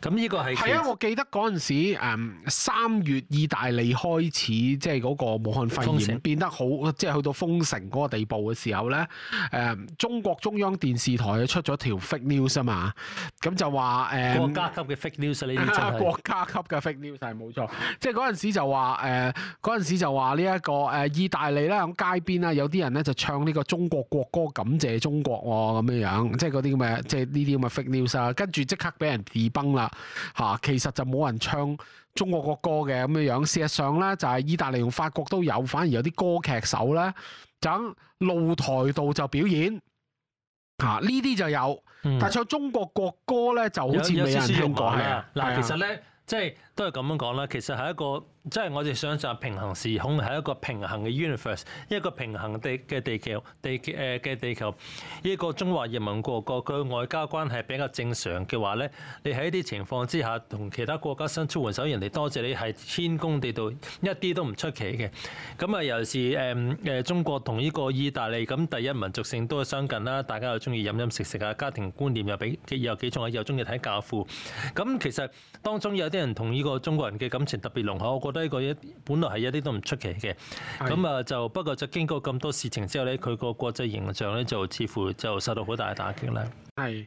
Speaker 1: 咁呢個係係啊！我
Speaker 2: 記得嗰陣時三、嗯、月意大利開始即係嗰個武漢肺炎變得好，即係去到封城嗰個地步嘅時候咧，誒、嗯、中國中央電視台出咗條 fake news 啊嘛，咁就話誒、嗯、國
Speaker 1: 家級嘅 fake news 你而家國
Speaker 2: 家級嘅 fake 撩曬冇錯，即係嗰陣時就話誒，嗰、呃、陣時就話呢一個誒、呃，意大利咧喺街邊啊有啲人咧就唱呢個中國國歌感謝中國喎、哦、咁樣樣，即係嗰啲咁嘅，即係呢啲咁嘅 fake news 啊，跟住即刻俾人自崩啦嚇，其實就冇人唱中國國歌嘅咁樣樣，事實上咧就係、是、意大利同法國都有，反而有啲歌劇手咧就喺露台度就表演嚇，呢、啊、啲就有，嗯、但唱中國國歌咧就好似冇人聽過嗱、嗯嗯、其實咧、就是、其
Speaker 1: 實即係。都係咁樣講啦，其實係一個，即係我哋想象平衡時空係一個平衡嘅 universe，一個平衡地嘅地球，地嘅嘅地球。呢個中華人民共和國嘅外交關係比較正常嘅話咧，你喺一啲情況之下同其他國家伸出援手，人哋多謝你係天公地道，一啲都唔出奇嘅。咁啊，尤其是誒誒、嗯、中國同呢個意大利，咁第一民族性都係相近啦，大家又中意飲飲食食啊，家庭觀念又比又幾重，又中意睇教父。咁其實當中有啲人同意。呢個中國人嘅感情特別濃厚，我覺得呢個一本來係一啲都唔出奇嘅。咁啊是，就不過就經過咁多事情之後咧，佢個國際形象咧就似乎就受到好大嘅打擊喇。
Speaker 2: 係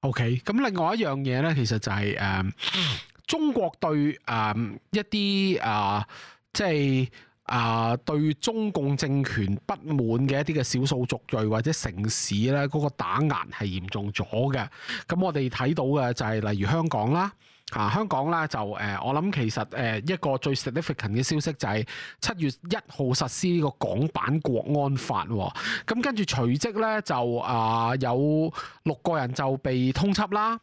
Speaker 2: ，OK。咁另外一樣嘢咧，其實就係、是、誒、嗯嗯、中國對誒、嗯、一啲誒即係誒對中共政權不滿嘅一啲嘅少數族裔或者城市咧，嗰、那個打壓係嚴重咗嘅。咁我哋睇到嘅就係、是、例如香港啦。啊，香港咧就誒、呃，我諗其實誒、呃、一個最 significant 嘅消息就係七月一號實施呢個港版國安法、哦，咁、啊、跟住隨即咧就啊、呃、有六個人就被通緝啦。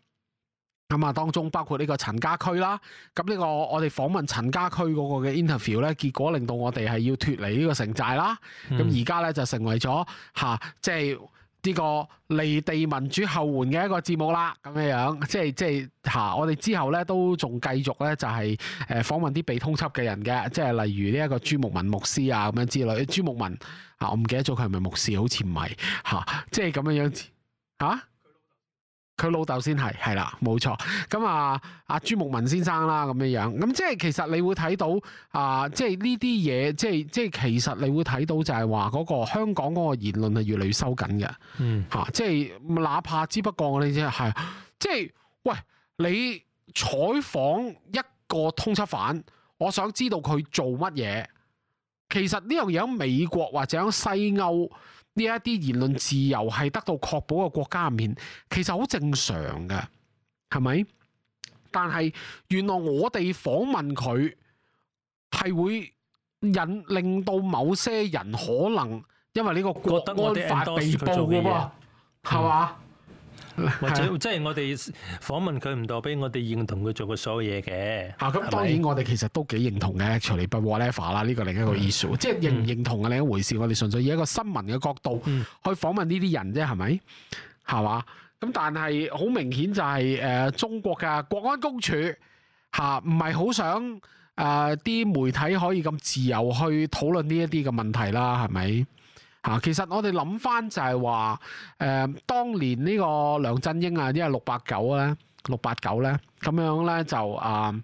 Speaker 2: 咁啊，當中包括呢個陳家駒啦。咁呢個我哋訪問陳家駒嗰個嘅 interview 咧，結果令到我哋係要脫離呢個城寨啦。咁而家咧就成為咗嚇，即、啊、係。就是呢個離地民主後援嘅一個節目啦，咁嘅樣，即係即係嚇、啊，我哋之後咧都仲繼續咧就係誒訪問啲被通緝嘅人嘅，即係例如呢一個朱牧民牧師啊咁樣之類，朱牧民嚇，我唔記得咗佢係咪牧師，好似唔係嚇，即係咁嘅樣啊。佢老豆先係，係啦，冇錯。咁、嗯、啊，阿、啊、朱木文先生啦，咁樣樣。咁、嗯、即係其實你會睇到啊、呃，即係呢啲嘢，即係即係其實你會睇到就係話嗰個香港嗰個言論係越嚟越收緊嘅。嗯，嚇、啊，即係哪怕之不過我哋即係，即係喂你採訪一個通緝犯，我想知道佢做乜嘢。其實呢樣嘢喺美國或者喺西歐。呢一啲言論自由係得到確保嘅國家入面，其實好正常㗎，係咪？但係原來我哋訪問佢係會引令到某些人可能因為呢個國安法被報過啊，
Speaker 1: 係嘛？吧或者、啊、即係我哋訪問佢唔代表我哋認同佢做嘅所有嘢嘅。啊、嗯，
Speaker 2: 咁吧當然我哋其實都幾認同嘅，除嚟不 whatever 啦。呢個另一個 issue，、嗯、即係認唔認同嘅另、嗯、一回事。我哋純粹以一個新聞嘅角度去訪問呢啲人啫，係咪？係嘛？咁但係好明顯就係、是、誒、呃、中國嘅國安公署嚇，唔係好想誒啲、呃、媒體可以咁自由去討論呢一啲嘅問題啦，係咪？嚇！其實我哋諗翻就係話，誒、呃、當年呢個梁振英啊，因為六八九咧，六八九咧，咁樣咧就啊，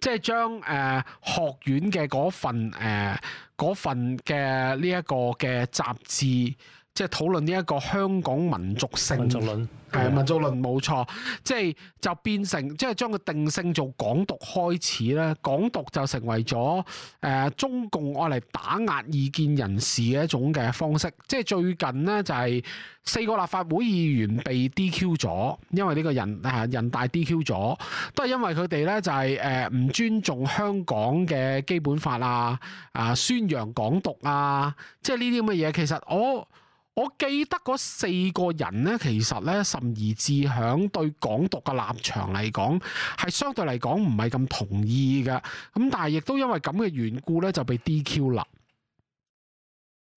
Speaker 2: 即係將誒學院嘅份誒嗰、呃、份嘅呢一個嘅、這個、雜誌。即係討論呢一個香港民族性，民族論係民族論冇、嗯、錯，即、就、係、是、就變成即係、就是、將佢定性做港獨開始啦。港獨就成為咗誒、呃、中共愛嚟打壓異見人士嘅一種嘅方式。即、就、係、是、最近咧，就係四個立法會議員被 DQ 咗，因為呢個人啊人大 DQ 咗，都係因為佢哋咧就係誒唔尊重香港嘅基本法啊，啊、呃、宣揚港獨啊，即係呢啲咁嘅嘢。其實我我記得嗰四個人呢，其實呢，甚而至於對港獨嘅立場嚟講，係相對嚟講唔係咁同意嘅。咁但係亦都因為咁嘅緣故呢，就被 DQ 啦。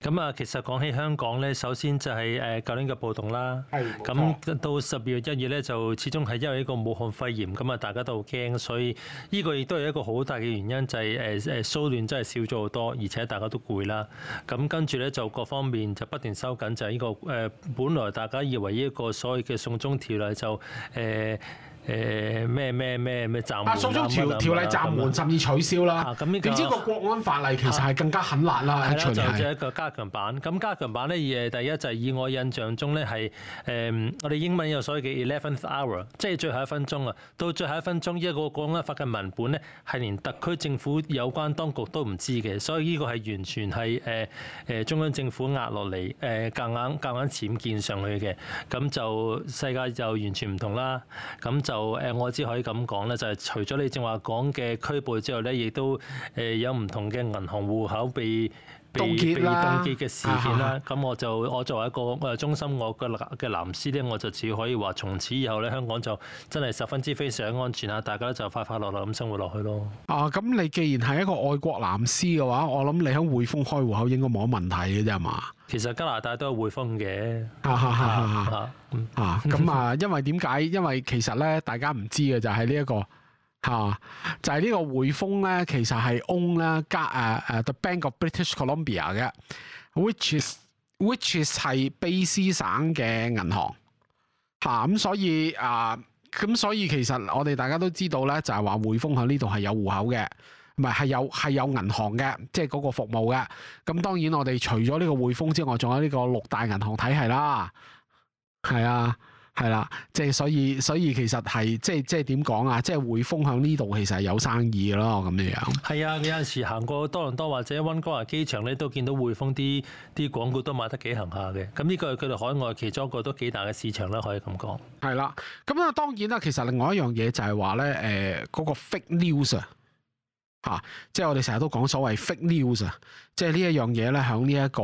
Speaker 1: 咁啊，其實講起香港咧，首先就係誒舊年嘅暴動啦。係，咁到十二月、一月咧，就始終係因為呢個武漢肺炎，咁啊，大家都好驚，所以呢個亦都係一個好大嘅原因，就係誒誒騷亂真係少咗好多，而且大家都攰。啦咁跟住咧，就各方面就不斷收緊，就係呢個誒本來大家以為呢一個所謂嘅送中條例就誒。呃誒咩咩咩咩暫緩啊！所講條條例暫緩甚
Speaker 2: 至取消啦。點、啊啊啊啊、知個國安法例其實係更加狠辣啦、啊！就，就一
Speaker 1: 個加強版。咁加強版咧，誒第一就係以我印象中咧係誒我哋英文有所謂嘅 eleventh hour，即係最後一分鐘啊！到最後一分鐘，依、這、一個國安法嘅文本咧係連特區政府有關當局都唔知嘅，所以呢個係完全係誒誒中央政府壓落嚟誒夾硬夾硬僭建上去嘅，咁就世界完就完全唔同啦。咁就誒，我只可以咁講咧，就係、是、除咗你正話講嘅拘捕之外咧，亦都誒有唔同嘅銀行戶口被。被被凍結嘅事件啦，咁、啊、我就我作為一個我係忠心我嘅嘅藍絲咧，我就只可以話從此以後咧，香港就真係十分之非常安全啊！大家就快快樂樂咁生活落去咯。
Speaker 2: 啊，咁你既然係一個愛國藍絲嘅話，我諗你喺匯豐開戶口應該冇問題嘅啫，係嘛？
Speaker 1: 其實加拿大都有匯豐嘅。啊啊啊啊啊！啊咁
Speaker 2: 啊，因為點解？因為其實咧，大家唔知嘅就係呢一個。嚇、啊，就係、是、呢個匯豐咧，其實係 own 啦加誒誒 The Bank of British Columbia 嘅，which is which is 係卑詩省嘅銀行。嚇、啊、咁、嗯、所以啊，咁、uh, 所以其實我哋大家都知道咧，就係、是、話匯豐喺呢度係有戶口嘅，唔係係有係有銀行嘅，即係嗰個服務嘅。咁當然我哋除咗呢個匯豐之外，仲有呢個六大銀行體系啦，係啊。係啦，即係所以，所以其實係即係即係點講啊？即係匯豐喺呢度其實係有生意嘅咯，咁樣樣。
Speaker 1: 係啊，有陣時行過多倫多或者溫哥華機場咧，都見到匯豐啲啲廣告都賣得幾行下嘅。咁呢個係佢哋海外其中一個都幾大嘅市場啦，可以咁講。
Speaker 2: 係啦，咁啊，當然啦，其實另外一樣嘢就係話咧，誒、呃，嗰、那個 fake news 啊。吓，即係我哋成日都講所謂 fake news 啊，即係呢一樣嘢咧，喺呢一個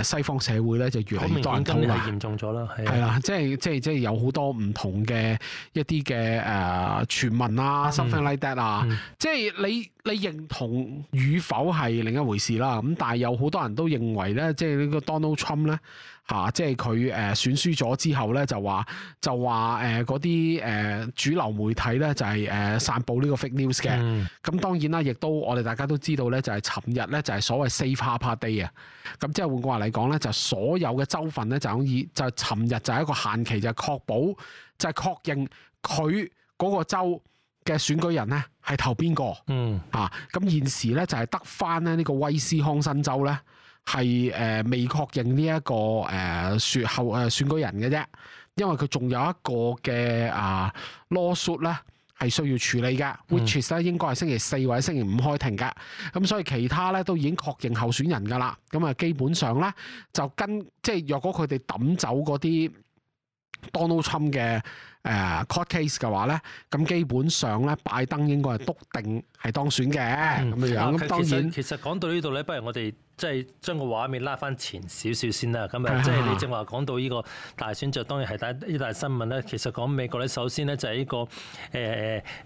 Speaker 2: 誒西方社會咧就越嚟越多人討論，嚴
Speaker 1: 重咗啦，係啦，
Speaker 2: 即係即係即係有好多唔同嘅一啲嘅誒傳聞啊、嗯、something like that 啊，嗯嗯、即係你。你認同與否係另一回事啦。咁但係有好多人都認為咧，即係呢個 Donald Trump 咧、啊、嚇，即係佢誒選輸咗之後咧，就話就話誒嗰啲誒主流媒體咧就係誒散佈呢個 fake news 嘅。咁、嗯、當然啦，亦都我哋大家都知道咧，就係尋日咧就係所謂 safe harbor day 啊。咁即係換句話嚟講咧，就是、所有嘅州份咧就可以就尋、是、日就係一個限期就，就係確保就係確認佢嗰個州。嘅選舉人咧，係投邊個？嗯，啊，咁現時咧就係、是、得返咧呢個威斯康辛州咧係誒未確認呢、這、一個誒選、呃、後誒選舉人嘅啫，因為佢仲有一個嘅啊 lawsuit 咧係需要處理嘅、嗯、，which is 咧應該係星期四或者星期五開庭嘅，咁所以其他咧都已經確認候選人噶啦，咁啊基本上咧就跟即係若果佢哋抌走嗰啲 Donald Trump 嘅。誒、uh, court case 嘅話咧，咁基本上咧，拜登應該係篤定係當選嘅咁嘅樣。咁、嗯、當然，
Speaker 1: 其實講到呢度咧，不如我哋即係將個畫面拉翻前少少先啦。咁啊，即係你正話講到呢個大選，就當然係第一大新聞啦。其實講美國咧，首先咧就係呢個誒誒、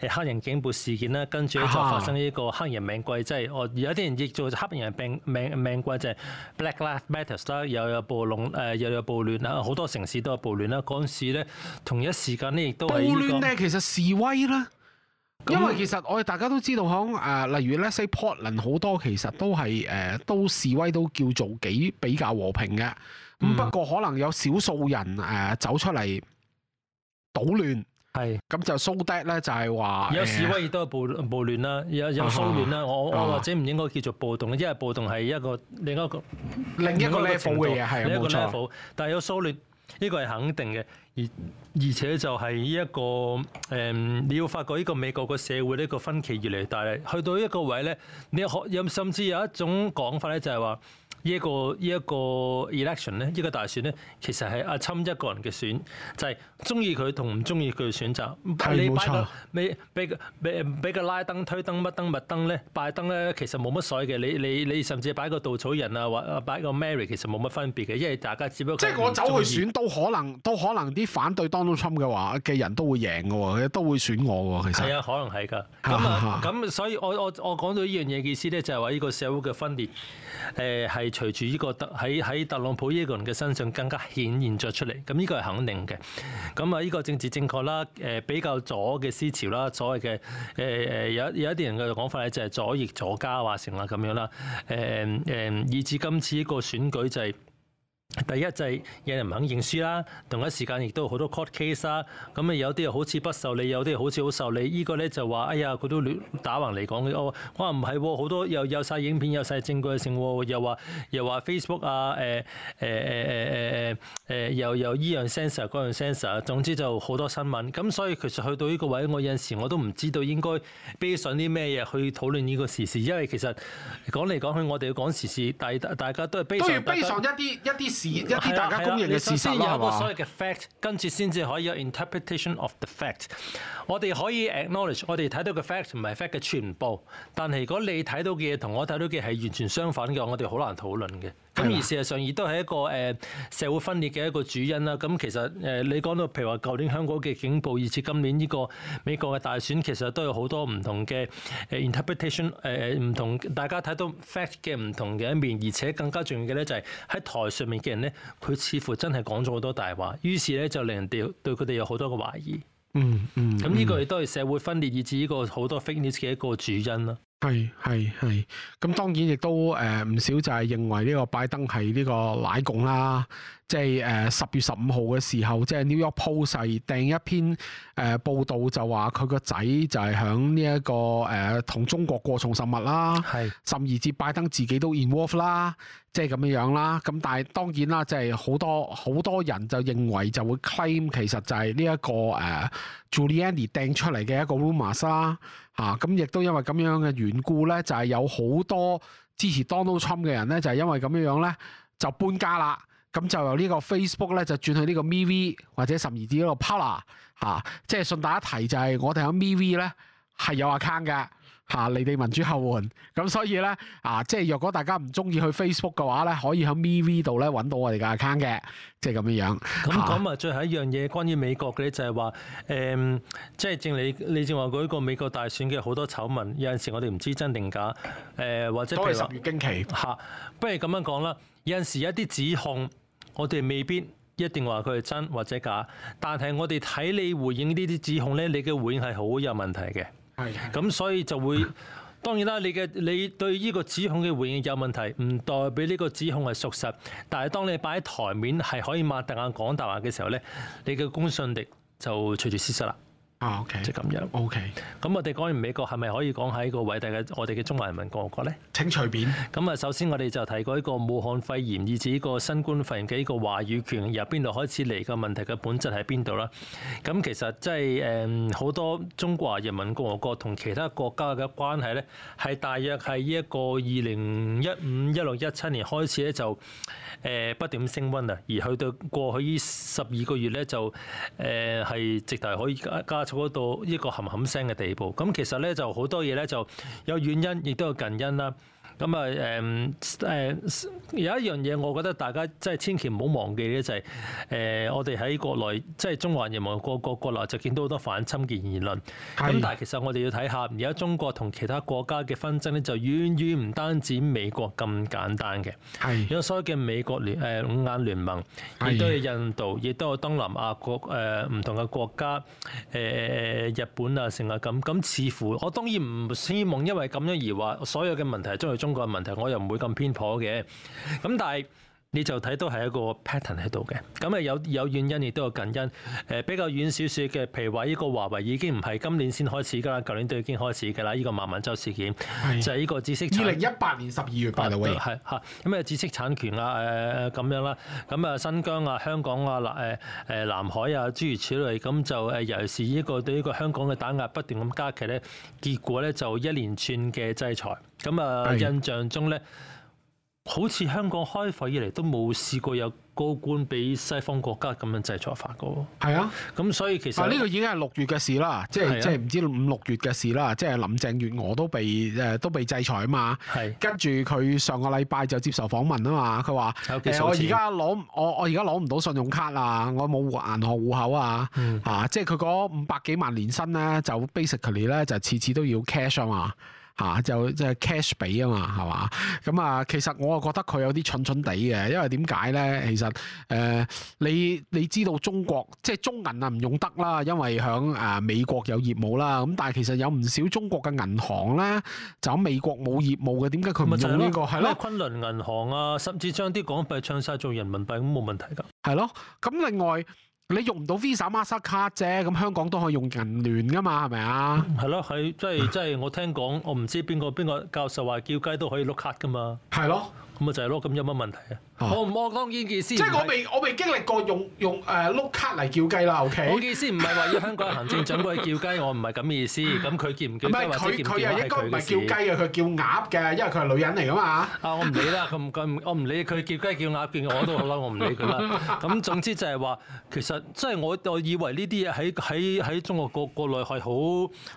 Speaker 1: 呃、黑人警暴事件啦，跟住咧就發生呢個黑人命貴，即係我有啲人譯做黑人命命命貴，即、就、係、是、Black Lives Matters 啦。又有暴動誒，又有暴亂啦，好多城市都有暴亂啦。嗰陣時咧同一時。暴亂咧，其
Speaker 2: 實示威啦，
Speaker 1: 因為其實
Speaker 2: 我哋大家都知道，響誒例如咧，say Portland r t 好多其實都係誒都示威，都叫做幾比較和平嘅。咁不過可能有少數人誒走出嚟搗亂，係咁就蘇德咧就係話有示威
Speaker 1: 亦都有暴暴亂啦，有有騷亂啦。我或者唔應該叫做暴動，因為暴動係一個另一個另一個 level 嘅嘢，係冇錯。但係有騷亂呢個係肯定嘅。而而且就係呢一個誒、呃，你要發覺呢個美國嘅社會呢個分歧越嚟越大，去到一個位咧，你可有甚至有一種講法咧，就係話。呢一個呢一個 election 咧，呢、這個大選咧，其實係阿侵一個人嘅選，就係中意佢同唔中意佢嘅選擇。係、就、冇、是、是錯，你比個比比拉登推登乜登乜登咧，拜登咧其實冇乜所謂嘅。你你你甚至擺個稻草人啊，或擺個 Mary 其實冇乜分別嘅，因為大家只不過不即係我走去選
Speaker 2: 都可能都可能啲反對當中侵嘅話嘅人都會贏嘅喎，都會選我喎。啊、其實係啊，可
Speaker 1: 能係㗎。咁啊，咁 所以我我我講到呢樣嘢嘅意思咧，就係話呢個社會嘅分裂，誒、呃、係。呃隨住呢個特喺喺特朗普呢一個人嘅身上更加顯現咗出嚟，咁呢個係肯定嘅。咁啊，呢個政治正確啦，誒比較左嘅思潮啦，所謂嘅誒誒有有一啲人嘅講法咧，就係「左翼左家」話成啦咁樣啦，誒誒，以至今次呢個選舉就係、是。第一就係有人唔肯認輸啦，同一時間亦都好多 court case 啦，咁啊有啲又好似不受理，有啲又好似好受理，呢個咧就話：哎呀，佢都打橫嚟講嘅，我話唔係好多，又有晒影片，有晒證據性，又話又話 Facebook 啊，誒誒誒誒誒誒誒，又又呢樣 sensor 嗰樣 sensor，總之就好多新聞。咁所以其實去到呢個位，我有陣時我都唔知道應該 based on 啲咩嘢去討論呢個時事，因為其實講嚟講去，我哋要講時事，但大，大家都係都要 based on
Speaker 2: 一啲一啲。一啲大家公認嘅事實啦嘛，跟住先有個所謂
Speaker 1: 嘅 fact，跟住先至可以有 interpretation of the fact。我哋可以 acknowledge，我哋睇到嘅 fact 唔係 fact 嘅全部，但係如果你睇到嘅嘢同我睇到嘅係完全相反嘅，我哋好難討論嘅。咁而事實上亦都係一個誒社會分裂嘅一個主因啦。咁其實誒你講到譬如話舊年香港嘅警暴，以至今年呢個美國嘅大選，其實都有好多唔同嘅誒 interpretation，誒誒唔同大家睇到 fact 嘅唔同嘅一面。而且更加重要嘅咧，就係喺台上面嘅人咧，佢似乎真係講咗好多大話，於是咧就令人哋對佢哋有好多嘅懷疑。嗯嗯。咁呢個亦都係社會分裂以至呢個好多 fitness 嘅一個主因啦。
Speaker 2: 係係係，咁當然亦都誒唔、呃、少就係認為呢個拜登係呢個奶共啦，即係誒十月十五號嘅時候，即係 New York Post 係掟一篇誒、呃、報道就就、這個，就話佢個仔就係響呢一個誒同中國過重實物啦，是甚至至拜登自己都 involve 啦。即係咁樣樣啦，咁但係當然啦，即係好多好多人就認為就會 claim 其實就係呢、這個 uh, 一個誒 Giuliani 掟出嚟嘅一個 rumor 啦、啊，嚇咁亦都因為咁樣嘅緣故咧，就係、是、有好多支持 Donald Trump 嘅人咧，就係、是、因為咁樣樣咧就搬家啦，咁、嗯、就由個呢個 Facebook 咧就轉去呢個 MeWe 或者十二字嗰度 Parler 嚇，即係順帶一提就係、是、我哋喺 MeWe 咧係有 account 嘅。嚇、啊！你哋民主後援咁，所以咧啊，即係若果大家唔中意去 Facebook 嘅話咧，可以喺 WeeV 度咧揾到我哋嘅 account 嘅，即係咁樣樣。咁
Speaker 1: 咁啊，最後一樣嘢，關於美國嘅咧、嗯，就係話誒，即係正你你正話過一個美國大選嘅好多醜聞，有陣時我哋唔知真定假誒、呃，或者十月驚奇嚇、啊。不如咁樣講啦，有陣時一啲指控，我哋未必一定話佢係真或者假，但係我哋睇你回應呢啲指控咧，你嘅回應係好有問題嘅。咁、嗯、所以就會當然啦，你嘅你對呢個指控嘅回應有問題，唔代表呢個指控係屬實。但係當你擺喺台面係可以擘大眼講大話嘅時候咧，你嘅公信力就隨住消失啦。
Speaker 2: 啊，OK，即係咁樣，OK。
Speaker 1: 咁我哋講完美國係咪可以講下呢個偉大嘅我哋嘅中華人民共和國咧？請隨便。咁啊，首先我哋就提過呢個武漢肺炎，以至呢個新冠肺炎嘅呢個話語權由邊度開始嚟嘅問題嘅本質喺邊度啦？咁其實即係誒好多中華人民共和國同其他國家嘅關係咧，係大約係呢一個二零一五一六一七年開始咧就誒、呃、不斷升溫啊，而去到過去呢十二個月咧就誒係直頭可以加加。到一個冚冚聲嘅地步，咁其實咧就好多嘢咧就有遠因，亦都有近因啦。咁啊，誒誒有一樣嘢，我覺得大家即係千祈唔好忘記咧，就係、是、誒、呃、我哋喺國內即係中華人民共和國國內就見到好多反侵權言論，咁是但係其實我哋要睇下而家中國同其他國家嘅紛爭咧，就遠遠唔單止美國咁簡單嘅。係有是所有嘅美國聯誒、呃、五眼聯盟，亦都係印度，亦是都有東南亞國誒唔、呃、同嘅國家誒誒、呃、日本啊，成啊咁咁。似乎我當然唔希望因為咁樣而話所有嘅問題係因為中。個問題，我又唔會咁偏頗嘅，咁但係。你就睇到係一個 pattern 喺度嘅，咁啊有有遠因亦都有近因，誒、呃、比較遠少少嘅，譬如話呢個華為已經唔係今年先開始噶啦，舊年都已經開始嘅啦，呢、這個孟晚舟事件是就係呢個知識產，二零一八年十二月八號係吓，咁啊,啊知識產權啦、啊，誒、呃、咁樣啦、啊，咁啊新疆啊香港啊南誒誒南海啊諸如此類，咁就誒尤其是呢個對呢個香港嘅打壓不斷咁加劇咧，結果咧就一連串嘅制裁，咁啊是印象中咧。好似香港開埠以嚟，都冇試過有高官俾西方國家咁樣制裁法噶喎。係啊，咁所以其實呢、啊這
Speaker 2: 個已經係六月嘅事啦，就是啊、即係即係唔知五六月嘅事啦，即、就、係、是、林鄭月娥都被誒都被制裁啊嘛。係是。跟住佢上個禮拜就接受訪問啊嘛，佢話誒我而家攞我我而家攞唔到信用卡啊，我冇銀行戶口啊，吓、嗯啊，即係佢嗰五百幾萬年薪咧就 basically 咧就次次都要 cash 啊嘛。嚇、啊、就即係 cash 俾啊嘛，係嘛？咁、嗯、啊，其實我又覺得佢有啲蠢蠢地嘅，因為點解咧？其實誒、呃，你你知道中國即係中銀啊，唔用得啦，因為響誒美國有業務啦。咁但係其實有唔少中國嘅銀行咧，就喺美國冇業務嘅，點解佢唔用呢、呢個係咯？的昆
Speaker 1: 侖銀行啊，甚至將啲港幣唱晒做人民幣咁冇問題㗎。係咯，咁另外。
Speaker 2: 你用唔到 Visa Master 卡啫，咁香港都可以用銀聯噶嘛，係咪啊？
Speaker 1: 係咯，係即係即係我聽講，我唔知邊個邊個教授話叫雞都可以碌卡噶嘛。係咯的，咁咪就係、是、咯，咁有乜問題啊？
Speaker 2: 我唔我當然見先，即係我未我未經歷過用用誒碌、呃、卡嚟叫雞啦。O、OK? K，我見先唔係話要香港行政長官去叫
Speaker 1: 雞， 我唔係咁嘅意思。咁佢叫唔叫雞係佢嘅事。唔係佢又應該唔係叫雞啊，
Speaker 2: 佢叫鴨嘅，因為佢係女人嚟噶嘛。啊，我唔理啦，
Speaker 1: 佢唔我唔理佢叫雞叫鴨，叫我都好嬲，我唔理佢啦。咁 總之就係話，其實即係我我以為呢啲嘢喺喺喺中國國國內係好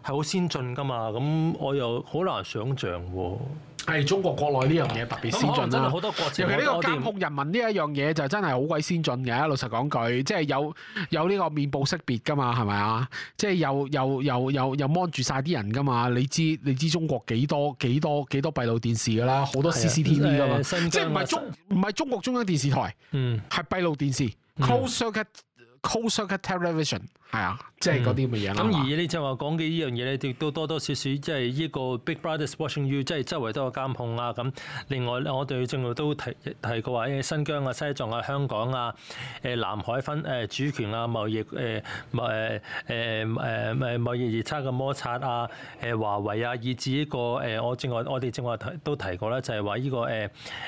Speaker 1: 係好先進㗎嘛。咁我又好難想像喎。係中國國內呢樣嘢特別先進啦，多國多尤其呢個監控
Speaker 2: 人民呢一樣嘢就真係好鬼先進嘅。老實講句，即係有有呢個面部識別噶嘛，係咪啊？即係又又又又又望住晒啲人噶嘛？你知你知中國幾多幾多幾多閉路電視噶啦？好多 CCTV 噶嘛？啊、即係唔係中唔係新中國中央電視台？嗯，係閉路電視。嗯 Cold circuit television 係啊，嗯，即係啲咁嘅嘢啦。咁、嗯、嗎
Speaker 1: 而你正話講嘅呢樣嘢咧，亦都多多少少即係呢個 Big Brothers watching you，即係周圍都有監控啊。咁另外咧，我哋政府都提提過話，誒新疆啊、西藏啊、香港啊、誒、呃、南海分誒、呃、主權啊、貿易誒貿誒誒誒誒貿易熱差嘅摩擦啊、誒、呃、華為啊，以至呢個，誒、呃、我正話我哋正話提都提過啦，就係話呢個誒誒、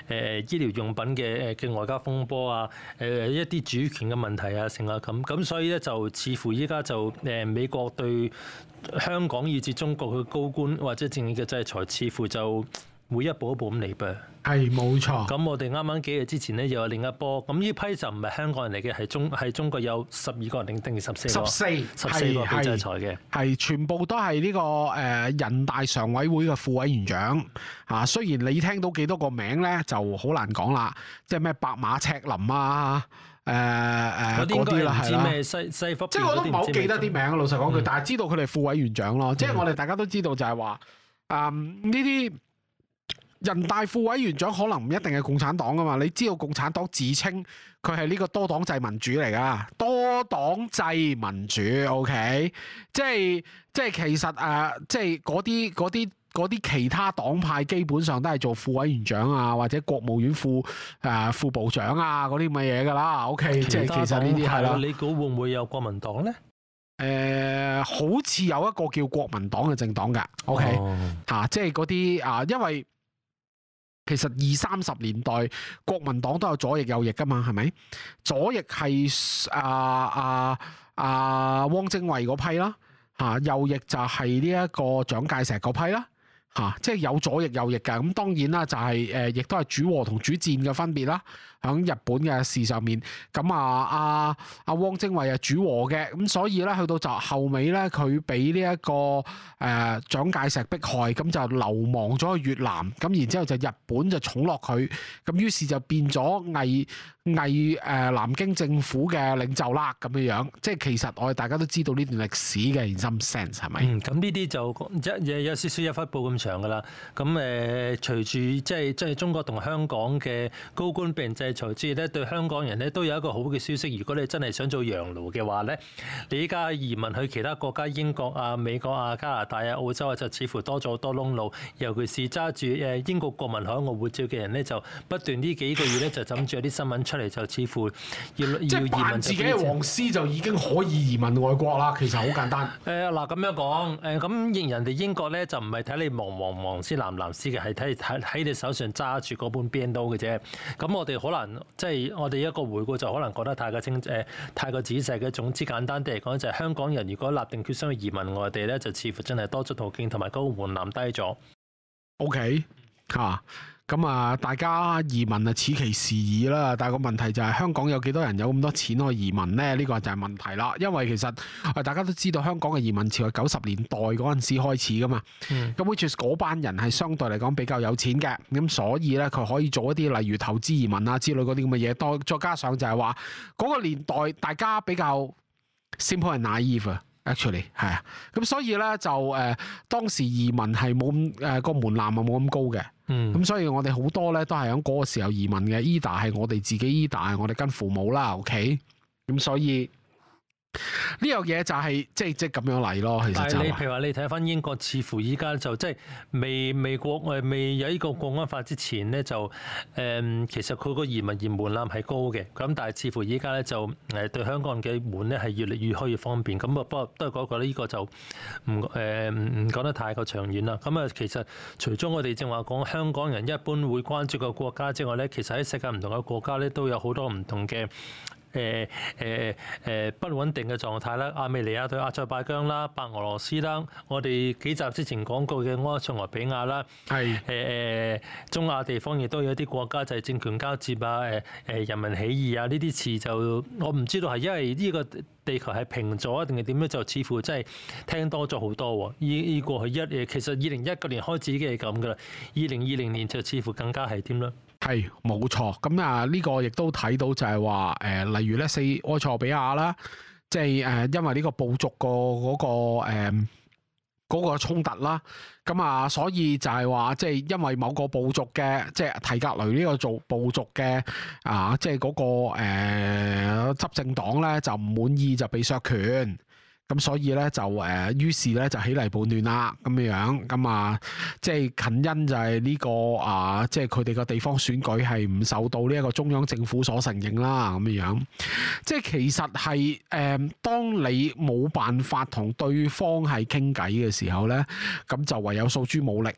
Speaker 1: 呃呃、醫療用品嘅誒嘅外交風波啊、誒、呃呃呃呃、一啲主權嘅問題啊，成個。咁咁、嗯、所以咧就似乎依家就誒、呃、美國對香港以至中國嘅高官或者政治嘅制裁，似乎就～每一步一步咁嚟噃，u
Speaker 2: 係冇錯。
Speaker 1: 咁我哋啱啱幾日之前咧又有另一波，咁呢批就唔係香港人嚟嘅，係中係中國有十二個人定定十四個十四十四個制裁嘅，
Speaker 2: 係全部都係呢個誒人大常委會嘅副委員長嚇。雖然你聽到幾多個名咧，就好難講啦，即係咩白馬赤林啊，誒誒嗰啲啦，係啦。
Speaker 1: 即係我都唔好記得啲名，老實講句，但
Speaker 2: 係知道佢哋副委員長咯。即係我哋大家都知道就係話，嗯呢啲。人大副委員長可能唔一定係共產黨啊嘛，你知道共產黨自稱佢係呢個多黨制民主嚟噶，多黨制民主，OK，即係即係其實誒、呃，即係嗰啲嗰啲嗰啲其他黨派基本上都係做副委員長啊，或者國務院副誒、呃、副部長啊嗰啲咁嘅嘢噶啦，OK，即係其，其實呢啲係啦。
Speaker 1: 你估會唔會有國民黨咧？
Speaker 2: 誒、呃，好似有一個叫國民黨嘅政黨噶，OK，吓、哦啊，即係嗰啲啊，因為。其實二三十年代國民黨都有左翼右翼噶嘛，係咪？左翼係啊啊啊汪精衛嗰批啦，吓右翼就係呢一個蔣介石嗰批啦，吓、啊、即係有左翼右翼噶，咁當然啦、就係，就係誒亦都係主和同主戰嘅分別啦。響日本嘅事上面，咁啊，阿、啊、阿汪精衛啊主和嘅，咁所以咧去到就後尾咧，佢俾呢一個誒蔣介石迫害，咁就流亡咗去越南，咁然之後就日本就籠絡佢，咁於是就變咗偽偽誒南京政府嘅領袖啦，咁樣樣，即係其實我哋大家都知道呢段歷史嘅，in some sense 係咪？嗯，
Speaker 1: 咁呢啲就即有有少少有匹布咁長噶啦，咁誒、呃、隨住即係即係中國同香港嘅高官被制才知咧對香港人咧都有一個好嘅消息，如果你真係想做洋奴嘅話咧，你依家移民去其他國家，英國啊、美國啊、加拿大啊、澳洲啊，就似乎多咗好多窿路。尤其是揸住誒英國國民海外護照嘅人咧，就不斷呢幾個月咧就諗住有啲新聞出嚟，就似乎要，即係要移民。自己嘅黃
Speaker 2: 絲就已經可以移民外國啦。其實好簡單。
Speaker 1: 誒嗱咁樣講，誒咁認人哋英國咧就唔係睇你黃黃黃絲藍藍絲嘅，係睇睇喺你手上揸住嗰本 BNO 嘅啫。咁我哋可能。即係我哋一個回顧，就可能覺得太過清誒、呃，太過仔細嘅。總之簡單啲嚟講，就係、是、香港人如果立定決心去移民外地咧，就似乎真係多咗途徑同埋個門檻低咗。OK 吓。咁啊，大家
Speaker 2: 移民啊，此其時矣啦！但個問題就係香港有幾多人有咁多錢去移民咧？呢個就係問題啦。因為其實大家都知道香港嘅移民潮係九十年代嗰陣時開始噶嘛。咁、嗯、which is 嗰班人係相對嚟講比較有錢嘅，咁所以咧佢可以做一啲例如投資移民啊之類嗰啲咁嘅嘢多。再加上就係話嗰個年代大家比較 simple 係 naive 啊。Actually 係啊，咁所以咧就誒、呃、當時移民係冇誒個門檻啊冇咁高嘅，咁、嗯、所以我哋好多咧都係喺嗰個時候移民嘅，either 係我哋自己 either 係我哋跟父母啦，ok，咁所以。
Speaker 1: 呢樣嘢就係即即咁樣嚟咯，其實就你譬如話，你睇返英國，似乎依家就即未未過國誒未有呢個國安法之前呢，就、嗯、誒其實佢個移民門檻係高嘅。咁但係似乎依家咧就誒對香港嘅門咧係越嚟越開越方便。咁不過都係嗰個咧，呢個就唔誒唔唔講得太過長遠啦。咁、嗯、啊，其實除咗我哋正話講香港人一般會關注個國家之外咧，其實喺世界唔同嘅國家咧都有好多唔同嘅。誒誒誒不穩定嘅狀態啦，亞美尼亞對阿塞拜疆啦，白俄羅斯啦，我哋幾集之前講過嘅埃塞俄比亞啦，係誒誒中亞地方亦都有一啲國家就係、是、政權交接啊，誒、欸、誒、欸、人民起義啊，呢啲詞就我唔知道係因為呢個地球係平咗定係點樣，就似乎真係聽多咗好多喎。依依過去一，其實二零一九年開始已經係咁噶啦，二零二零年就似乎更加係點啦。
Speaker 2: 係冇錯，咁啊呢個亦都睇到就係話，誒、呃、例如咧四埃塞比亞啦，即係誒因為呢個部族、嗰個嗰、嗯嗰個誒個衝突啦，咁啊所以就係話即係因為某個部族嘅即係提格雷呢個做部族嘅啊，即係嗰個誒執、呃、政黨咧就唔滿意就被削權。咁所以咧就誒、呃，於是咧就起嚟叛亂啦，咁樣，咁啊，即係近因就係呢、呢個啊，即係佢哋個地方選舉係唔受到呢一個中央政府所承認啦，咁樣，即係其實係誒、呃，當你冇辦法同對方係傾偈嘅時候咧，咁就唯有訴諸武力。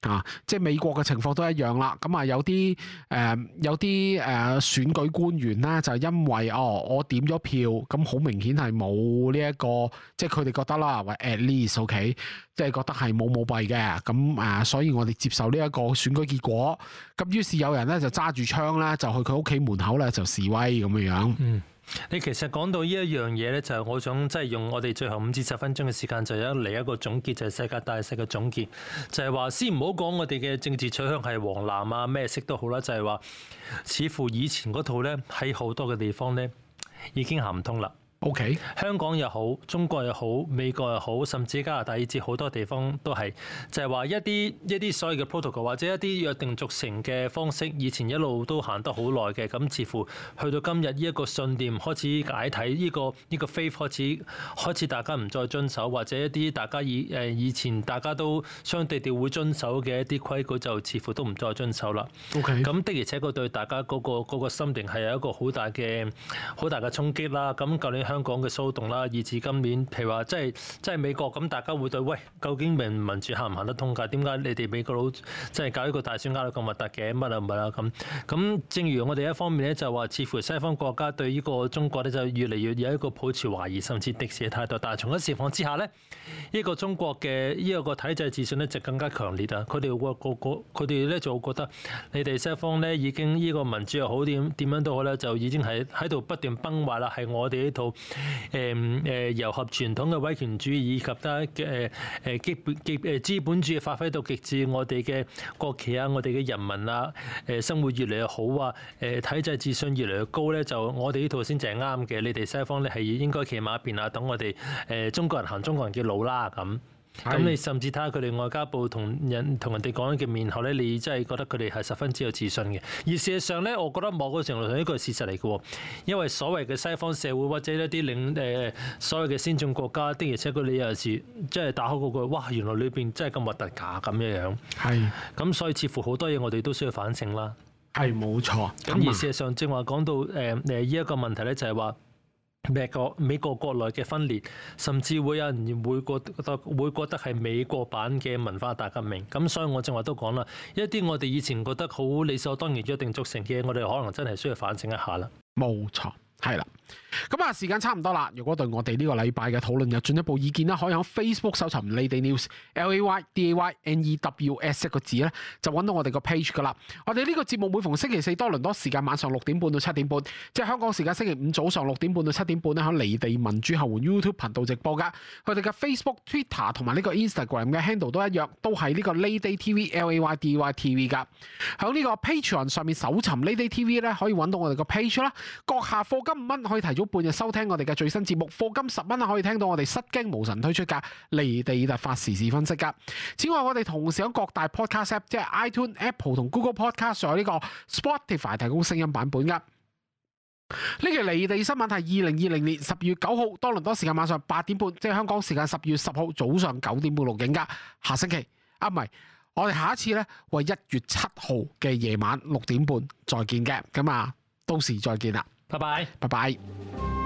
Speaker 2: 啊！即係美國嘅情況都一樣啦。咁啊、呃，有啲誒，有啲誒，選舉官員咧就因為哦，我點咗票，咁好明顯係冇呢一個，即係佢哋覺得啦，喂，at least，ok，即係覺得係冇舞弊嘅。咁啊、呃，所以我哋接受呢一個選舉結果。咁於是有人咧就揸住槍咧，就去佢屋企門口咧就示威咁嘅樣。嗯
Speaker 1: 你其實講到呢一樣嘢咧，就係我想即係用我哋最後五至十分鐘嘅時間，就一嚟一個總結，就係世界大勢嘅總結，就係話先唔好講我哋嘅政治取向係黃藍啊，咩色都好啦，就係話似乎以前嗰套咧，喺好多嘅地方咧已經行唔通啦。O.K. 香港又好，中國又好，美國又好，甚至加拿大以至好多地方都係，就係、係、話一啲一啲所謂嘅 protocol 或者一啲約定俗成嘅方式，以前一路都行得好耐嘅，咁似乎去到今日呢一個信念開始解體，呢、呢個依、呢個 faith 開始開始大家唔再遵守，或者一啲大家以誒、呃、以前大家都相對地會遵守嘅一啲規矩，就似乎都唔再遵守啦。O.K. 咁的而且確對大家嗰、嗰個嗰個嗰個心靈係有一個好大嘅好大嘅衝擊啦。咁舊年。香港嘅騷動啦，以至今年，譬如話，即係即係美國咁，大家會對喂，究竟民民主行唔行得通㗎？點解你哋美國佬即係搞一個大選搞到咁核突嘅？乜啦咪啦咁咁。正如我哋一方面咧，就話似乎西方國家對呢個中國咧，就越嚟越有一個抱持懷疑甚至敵視嘅態度。但係從一情況之下呢，呢個中國嘅呢個個體制自信呢，就更加強烈啊！佢哋個個個佢哋咧就會覺得你哋西方咧已經呢個民主又好點點樣都好咧，就已經係喺度不斷崩壞啦，係我哋呢套。誒誒，糅合傳統嘅威權主義以及得嘅誒基本極誒資本主義發揮到極致，我，我哋嘅國旗啊，我哋嘅人民啊，誒生活越嚟越好啊，誒體制自信越嚟越高咧，就我哋呢套先正係啱嘅。你哋西方咧係應該企埋一邊啊，等我哋誒中國人行中國人嘅路啦咁。咁你甚至睇下佢哋外交部同人同人哋講嘅面後咧，你真係覺得佢哋係十分之有自信嘅。而事實上咧，我覺得某個程度上呢個係事實嚟嘅喎，因為所謂嘅西方社會或者一啲領誒、呃、所謂嘅先進國家的，而且佢你有時即係打開嗰個，哇！原來裏邊真係咁核突㗎咁樣樣。係是。咁所以似乎好多嘢我哋都需要反省啦。
Speaker 2: 係冇錯。
Speaker 1: 咁那而事實上正話講到誒誒呢一個問題咧，就係、是、話。美國美國國內嘅分裂，甚至會有人會覺得會覺得係美國版嘅文化大革命。咁所以我正話都講啦，一啲我哋以前覺得好理所當然、約定俗成嘅嘢，我哋可能真係需要反省一下啦。
Speaker 2: 冇錯，係啦。咁啊，時間差唔多啦。如果對我哋呢個禮拜嘅討論有進一步意見咧，可以喺 Facebook 搜尋 Lady News L A Y D A Y N E W S 一個字咧，就揾到我哋個 page 噶啦。我哋呢個節目每逢星期四多倫多時間晚上六點半到七點半，即係香港時間星期五早上六點半到七點半咧，喺離地民主後援 YouTube 頻道直播噶。佢哋嘅 Facebook、Twitter 同埋呢個 Instagram 嘅 handle 都一樣，都係呢個 Lady TV L A Y D Y T V 噶。響呢個 Patreon 上面搜尋 Lady TV 咧，可以揾到我哋個 page 啦。閣下課金五蚊可以提早半日收聽我哋嘅最新節目，課金十蚊啊可以聽到我哋失驚無神推出嘅離地特發時事分析噶。此外，我哋同時響各大 podcast app，即係 iTune、Apple 同 Google Podcast，上呢個 Spotify 提供聲音版本噶。呢期離地新聞係二零二零年十二月九號多倫多時間晚上八點半，即係香港時間十二月十號早上九點半錄影噶。下星期啊，唔係我哋下一次咧，為一月七號嘅夜晚六點半再見嘅，咁啊，到時再見啦。拜拜，拜拜。